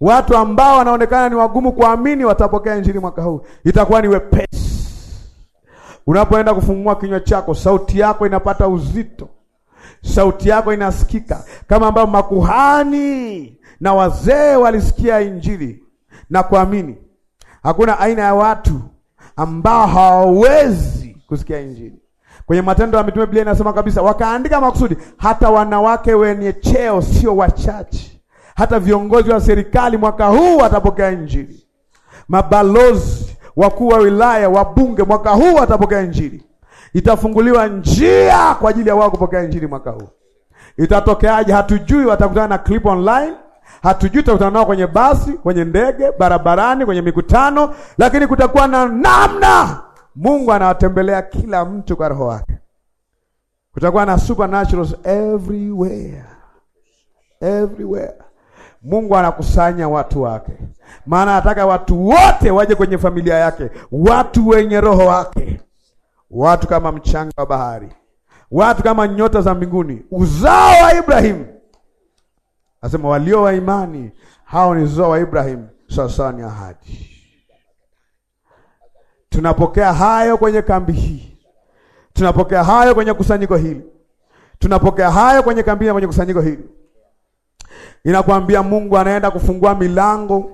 S1: Watu ambao wanaonekana ni wagumu kuamini watapokea Injili mwaka huu, itakuwa ni wepesi. Unapoenda kufungua kinywa chako, sauti yako inapata uzito, sauti yako inasikika, kama ambavyo makuhani na wazee walisikia Injili na kuamini. Hakuna aina ya watu ambao hawawezi kusikia Injili. Kwenye Matendo ya Mitume Biblia inasema kabisa, wakaandika makusudi hata wanawake wenye cheo sio wachache, hata viongozi wa serikali mwaka huu watapokea Injili, mabalozi wakuu wa wilaya, wabunge, mwaka huu watapokea injili. Itafunguliwa njia kwa ajili ya wao kupokea injili mwaka huu. Itatokeaje? Hatujui. Watakutana na clip online, hatujui. Tutakutana nao kwenye basi, kwenye ndege, barabarani, kwenye mikutano, lakini kutakuwa na namna. Mungu anawatembelea kila mtu kwa roho wake. Kutakuwa na supernaturals everywhere, everywhere. Mungu anakusanya watu wake, maana anataka watu wote waje kwenye familia yake, watu wenye roho wake, watu kama mchanga wa bahari, watu kama nyota za mbinguni, uzao wa Ibrahimu. Anasema walio wa imani hao ni uzao wa Ibrahimu, sawasawa ni ahadi. Tunapokea hayo kwenye kambi hii, tunapokea hayo kwenye kusanyiko hili, tunapokea hayo kwenye kambi na kwenye kusanyiko hili. Inakwambia Mungu anaenda kufungua milango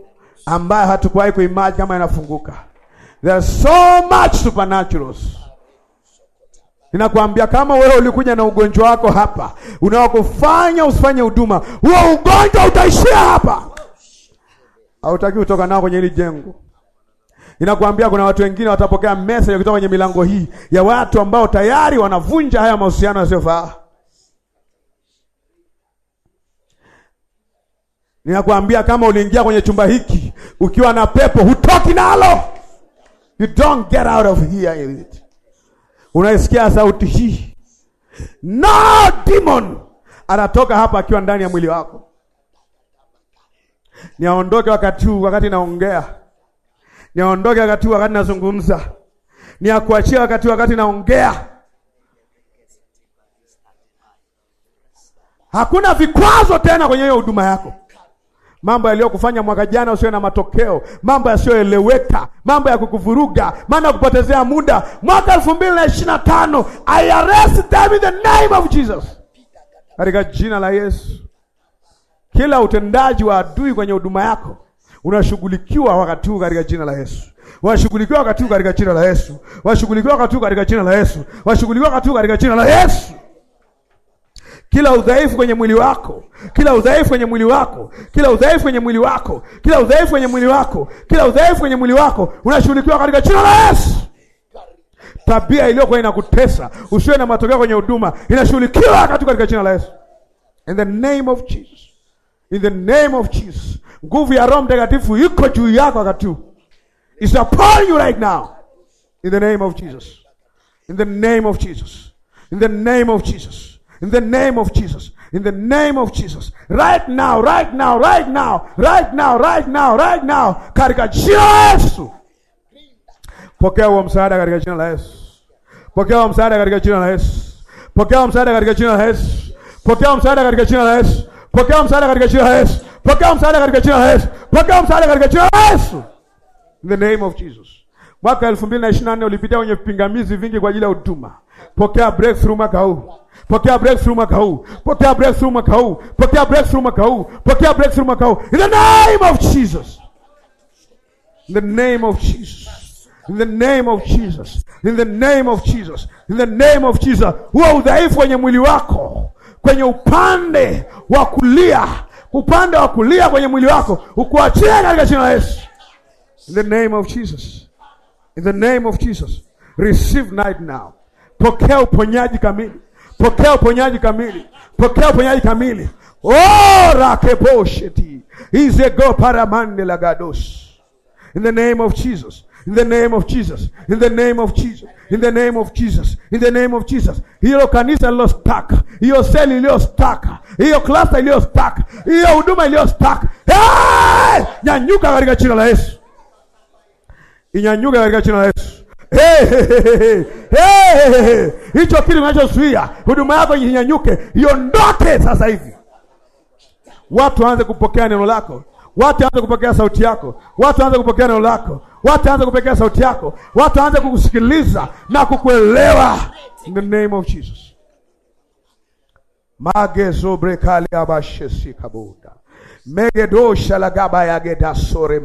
S1: ambayo hatukuwahi kuimagine kama inafunguka. There are so much supernaturals. Ninakwambia kama wewe ulikuja na ugonjwa wako hapa, unaokufanya usifanye huduma, huo ugonjwa utaishia hapa. Hautaki kutoka nao kwenye hili jengo. Ninakwambia kuna watu wengine watapokea message kutoka kwenye milango hii ya watu ambao tayari wanavunja haya mahusiano yasiyofaa. Ninakwambia kama uliingia kwenye chumba hiki ukiwa na pepo hutoki nalo. You don't get out of here with it. Unaisikia sauti hii? No demon anatoka hapa akiwa ndani ya mwili wako. Niaondoke wakati huu, wakati naongea. Niaondoke wakati huu, wakati nazungumza. Niakuachia wakati huu, wakati naongea. Hakuna vikwazo tena kwenye hiyo huduma yako mambo yaliyokufanya mwaka jana usiwe na matokeo, mambo yasiyoeleweka, mambo ya kukuvuruga, maana ya kupotezea muda. Mwaka elfu mbili na ishirini na tano I arrest them in the name of Jesus, katika jina la Yesu. Kila utendaji wa adui kwenye huduma yako unashughulikiwa wakati huu katika jina la Yesu washughulikiwa wakati huu katika jina la Yesu, washughulikiwa wakati huu katika jina la Yesu, washughulikiwa wakati huu katika jina la Yesu kila udhaifu kwenye mwili wako, kila udhaifu kwenye mwili wako, kila udhaifu kwenye mwili wako, kila udhaifu kwenye mwili wako, kila udhaifu kwenye mwili wako unashughulikiwa katika jina la Yesu. Tabia iliyokuwa inakutesa usiwe na matokeo kwenye huduma inashughulikiwa katika jina la Yesu, in the name of Jesus, in the name of Jesus. Nguvu ya Roho Mtakatifu iko juu yako wakati huu, is upon you right now, in the name of Jesus, in the name of Jesus, in the name of Jesus. In the name of Jesus. In the name of Jesus. Right now, right now, right now, right now, right now, right now. Katika jina la Yesu. Pokea huo msaada katika jina la Yesu. Pokea huo msaada katika jina la Yesu. Pokea msaada katika jina la Yesu. Pokea msaada katika jina la Yesu. Pokea msaada katika jina la Yesu. Pokea msaada katika jina la Yesu. Pokea msaada katika jina la Yesu. In the name of Jesus. Mwaka 2024 ulipitia kwenye vipingamizi vingi kwa ajili ya huduma. Pokea breakthrough mwaka huu. Pokea breakthrough mwaka huu. Pokea breakthrough mwaka huu. Pokea breakthrough mwaka huu. Pokea breakthrough mwaka huu. In the name of Jesus. In the name of Jesus. In the name of Jesus. In the name of Jesus. In the name of Jesus. Huo udhaifu kwenye mwili wako, kwenye upande wa kulia, upande wa kulia kwenye mwili wako, ukuachie katika jina la Yesu. In the name of Jesus. In the name of Jesus. Receive night now. Pokea uponyaji kamili, pokea uponyaji kamili, pokea uponyaji kamili. ora Oh, rakebosheti izego paramande gados In the name of Jesus. In the name of Jesus. In the name of Jesus. In the name of Jesus. In the name of Jesus. Hiyo kanisa lilo stuck, hiyo seli lilo stuck, hiyo cluster lilo stuck, hiyo huduma lilo stuck, Hey! nyanyuka katika jina la Yesu, inyanyuka katika jina la Yesu hicho kitu kinachozuia huduma yako inyanyuke, iondoke sasa hivi. Watu waanze kupokea neno lako, watu waanze kupokea sauti yako, watu waanze kupokea neno lako, watu waanze kupokea sauti yako, watu waanze kukusikiliza na kukuelewa. In the name of Jesus magezo brekali abashesikabuda megedosha lagabayagedasore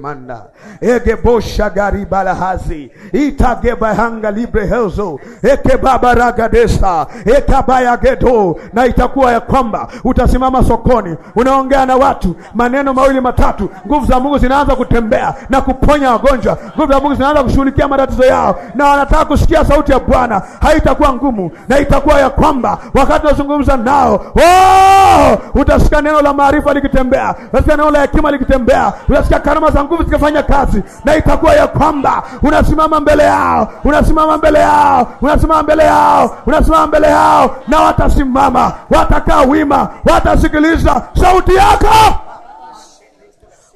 S1: egebosha garibalahazi itagebahanga librehezo ekebabaragadesa etabayagedo. Na itakuwa ya kwamba utasimama sokoni, unaongea na watu maneno mawili matatu, nguvu za Mungu zinaanza kutembea na kuponya wagonjwa, nguvu za Mungu zinaanza kushughulikia matatizo yao, na wanataka kusikia sauti ya Bwana. Haitakuwa ngumu, na itakuwa ya kwamba wakati unazungumza nao, oh, utasikia neno la maarifa likitembea Unasikia neno la hekima likitembea, unasikia karama za nguvu zikifanya kazi, na itakuwa ya kwamba unasimama mbele yao, unasimama mbele yao, unasimama mbele yao, unasimama mbele yao, na watasimama, watakaa wima, watasikiliza sauti yako.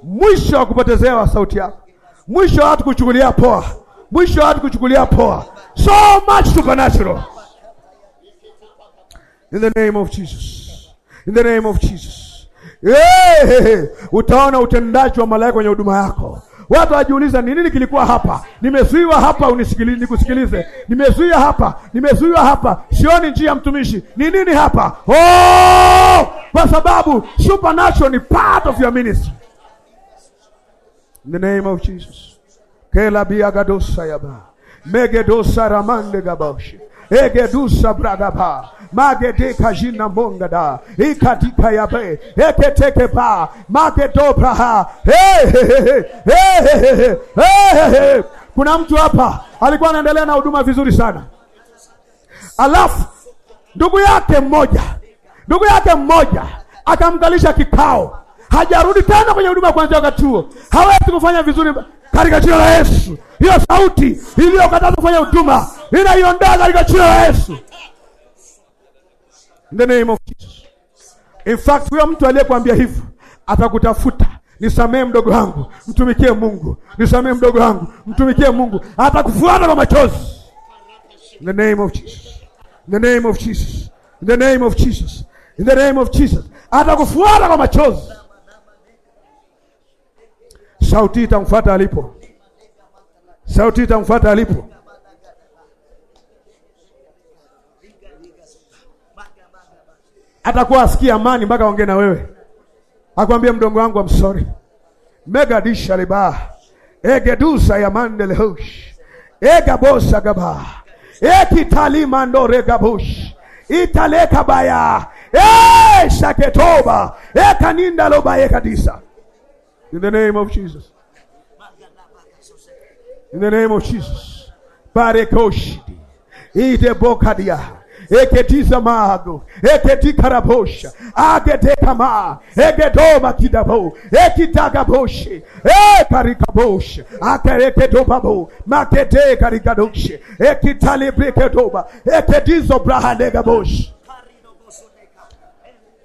S1: Mwisho wa kupotezewa sauti yako, mwisho wa watu kuchukulia poa, mwisho wa watu kuchukulia poa. So much supernatural in the name of Jesus, in the name of Jesus hey, utaona utendaji wa malaika kwenye huduma yako. Watu wajiuliza ni nini kilikuwa hapa, nimezuiwa hapa, unisikilize, nikusikilize, nimezuiwa hapa, nimezuiwa hapa, sioni njia mtumishi, ni nini hapa? Oh, kwa sababu supernatural ni part of your ministry in the name of Jesus yaba. megedosa ramande gabaoshi egedusa bradaba magedeka jina mongada ikadika yabe eketekeba magedobraha kuna mtu hapa alikuwa anaendelea na huduma vizuri sana, alafu ndugu yake mmoja ndugu yake mmoja akamkalisha kikao, hajarudi tena kwenye huduma kuanzia wakati huo. Hawezi kufanya vizuri katika jina la Yesu. Hiyo sauti iliyokataza kufanya huduma ninaiondoa katika jina la Yesu. In the name of Jesus. In fact, huyo mtu aliyekwambia hivyo atakutafuta. Nisamee mdogo wangu, mtumikie Mungu. Nisamee mdogo wangu, mtumikie Mungu. Atakufuata kwa machozi. In the name of Jesus. In the name of Jesus. In the name of Jesus. In the name of Jesus. Atakufuata kwa machozi. Sauti itamfuata alipo. Sauti itamfuata alipo. Atakuwa asikia amani mpaka aongee na wewe, akwambie mdogo wangu I'm amsori megadisha liba egedusa yamandelehush egabosa gaba italeka baya e saketoba ekanindalobaye kadisa In the name of Jesus. In the name of Jesus. Barekoshidi. Ide bokadia eketiza maado eketikarabosha agetekama egedoma kidabo ekitagaboshe ekarikaboshe akerekedobabo makete karikadoshe ekitalibrikedoba eketizo brahanegaboshe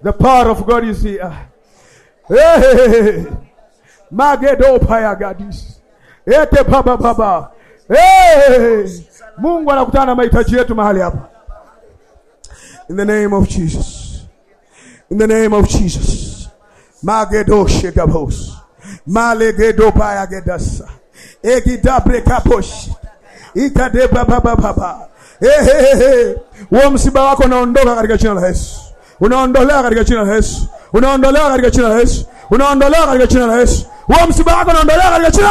S1: The power of God is here. Hey, paya gadis. ete baba baba. Hey, Mungu anakutana na mahitaji yetu mahali hapa. In the name of Jesus. In the name of Jesus. Magedo Shegabos. Malegedo Bayagedasa. Egidabre Kaposh. Ikade Baba Baba. Huo eh, eh, eh, msiba wako unaondoka katika jina la Yesu. Unaondolewa katika jina la Yesu. Unaondolewa katika jina la Yesu. Unaondolewa katika jina la Yesu. Huo msiba wako unaondolewa katika jina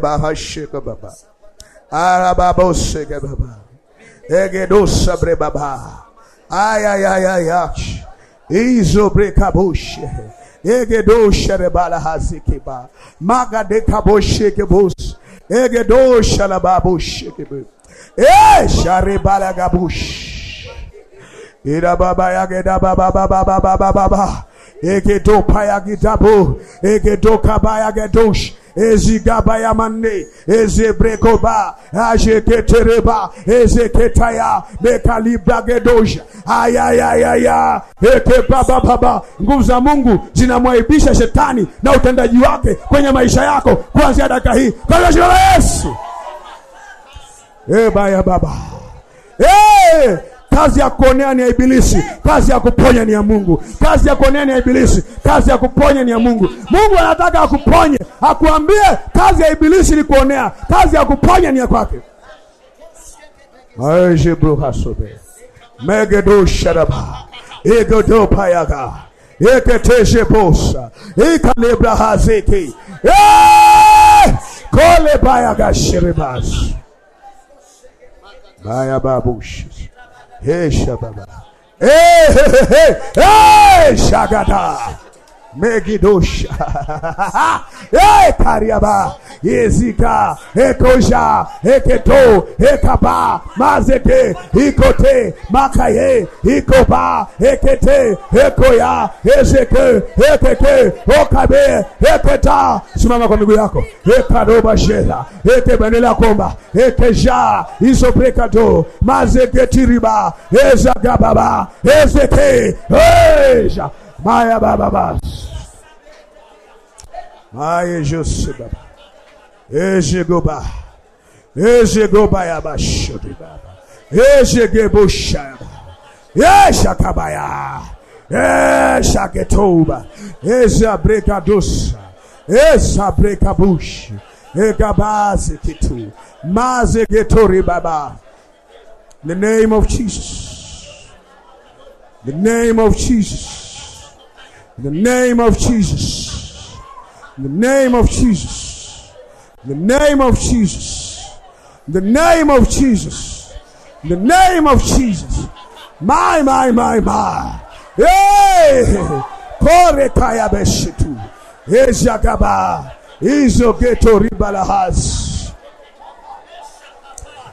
S1: la arababosegebaba egedosabrebaba ayayayayach izobrekaboshe egedosharebalahazikeba magadekaboshekebos egedoshalababoshekebu esharebalagabush irababayagedabababababababaegedopayagidabu egedokabayagedosh manne ezebrekoba ajeketereba ezeketaya bekalibragedoja ayayayaya ekebabababa. Nguvu za Mungu zinamwaibisha shetani na utendaji wake kwenye maisha yako kuanzia daka hii kwa jina la Yesu. Ebaya ee baba, hey! Ee! Kazi ya kuonea ni ya Ibilisi, kazi ya kuponya ni ya Mungu. Kazi ya kuonea ni ya Ibilisi, kazi ya kuponya ni ya Mungu. Mungu anataka akuponye, akuambie kazi ya Ibilisi ni kuonea, kazi ya kuponya ni ya kwake. megedosharaba egodopayaga eketeshebosa shiribas baya bayababushi Esha baba. Hey, hey, hey, hey. Hey, shagada megidosha ekariaba yezika ekosha eketo ekaba mazeke ikote makaye ikoba ekete ekoya ezeke ekeke okabe oh, eketa. Simama kwa miguu yako ekadoba shela ekebanela komba ekeja isoprekato mazeketiriba ezagababa ezeke eja Maya baba baba. Maya Jose baba. Eje goba. Eje goba ya bashodi baba. Eje gebosha. Eje kabaya. Eje getoba. Eje breka dosa. Eje breka bush. Egabaze kitu. Maze getori baba. the name of Jesus. The name of Jesus. In the name of Jesus. In the name of Jesus. In the name of Jesus. In the name of Jesus. In the name of Jesus. My, my, my, my. Hey! Kore kaya beshitu. Ezagaba. Izo geto ribalahas.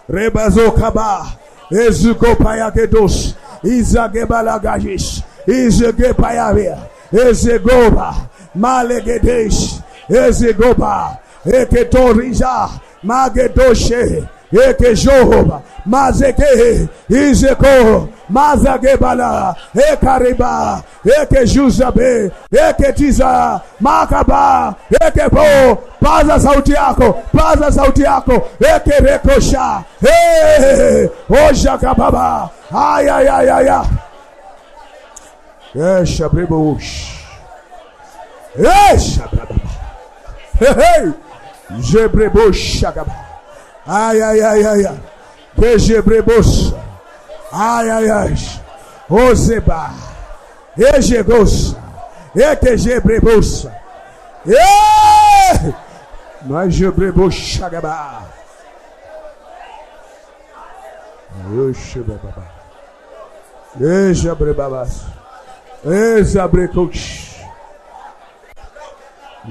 S1: Rebazo kaba. Ezugo paya gedos. Izagebalagajish. Izagebayavia ezegoba malegedesh ezegoba eketorija magedoshe ekejohoba mazeke izeko mazagebala ekariba eke eke tiza makaba ekebo paza sauti yako paza sauti yako rekosha hey, ojakababa ayayayaya Deixa brebos. Deixa brebos. Gebrebos. Ai, ai, ai, ai, ai. Que gebrebos. Ai, ai, ai. Ozeba. Egebos. Ete gebrebos. Ei! Nós gebrebos. Chagabá. Oxe, babá. Deixa brebabas. Eh, Zabrekosh.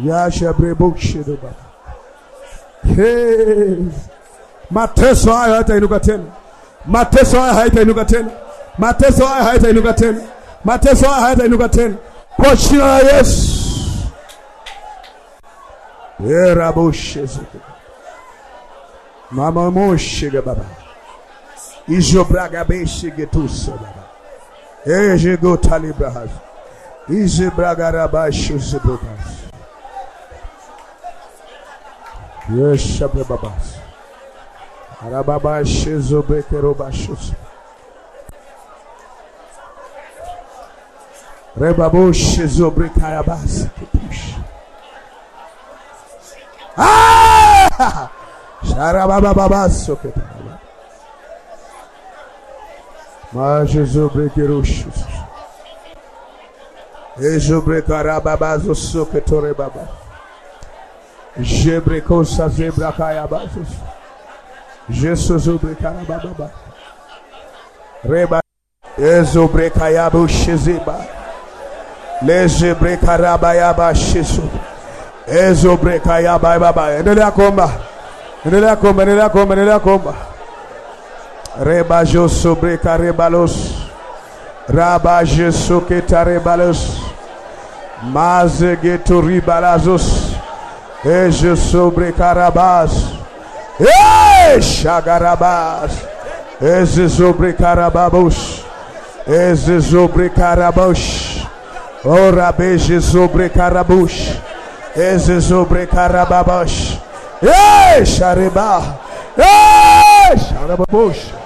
S1: Yashabrebokshedeba. Mateso haya hayatainuka tena. Mateso haya hayatainuka tena. Mateso haya hayatainuka tena. Mateso haya hayatainuka tena. Kwa jina la Yesu. Yeraboshe. Mama moshe baba. Ijo braga beshe getusa baba ejegotalibras izibragarabashuzibubas Ah! majezubegerushus ezubrekarababazosoketoré baba jebrekosazebrakayabazos jesuzubekarabababa reba ezubrekayabusheziba lezebrekarabayabashesu ezubrekayabababa endelea komba endelea komba endelea komba endelea komba Rebajo sobre carebalos. Rabaje soqueta rebalos. Mazegueto ribalazos. Eje sobre carabás. Chagarabás. Eze sobre carababos. Eze sobre carabos. Ora beije sobre carabus. Eze sobre carababos. Ei, xarebá. Ei, xarababos.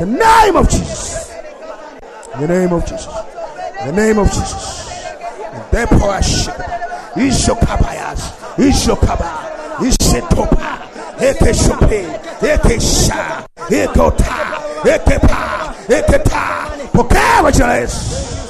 S1: The name of Jesus. the name of Jesus. the name of Jesus. is is is your your kaba, And therefore I ship. Ishokapayas. Ishokaba. Ishetopa. Ekeshope. Ekesha. Ekota. Ekepa. ta. Porque, Evangelist.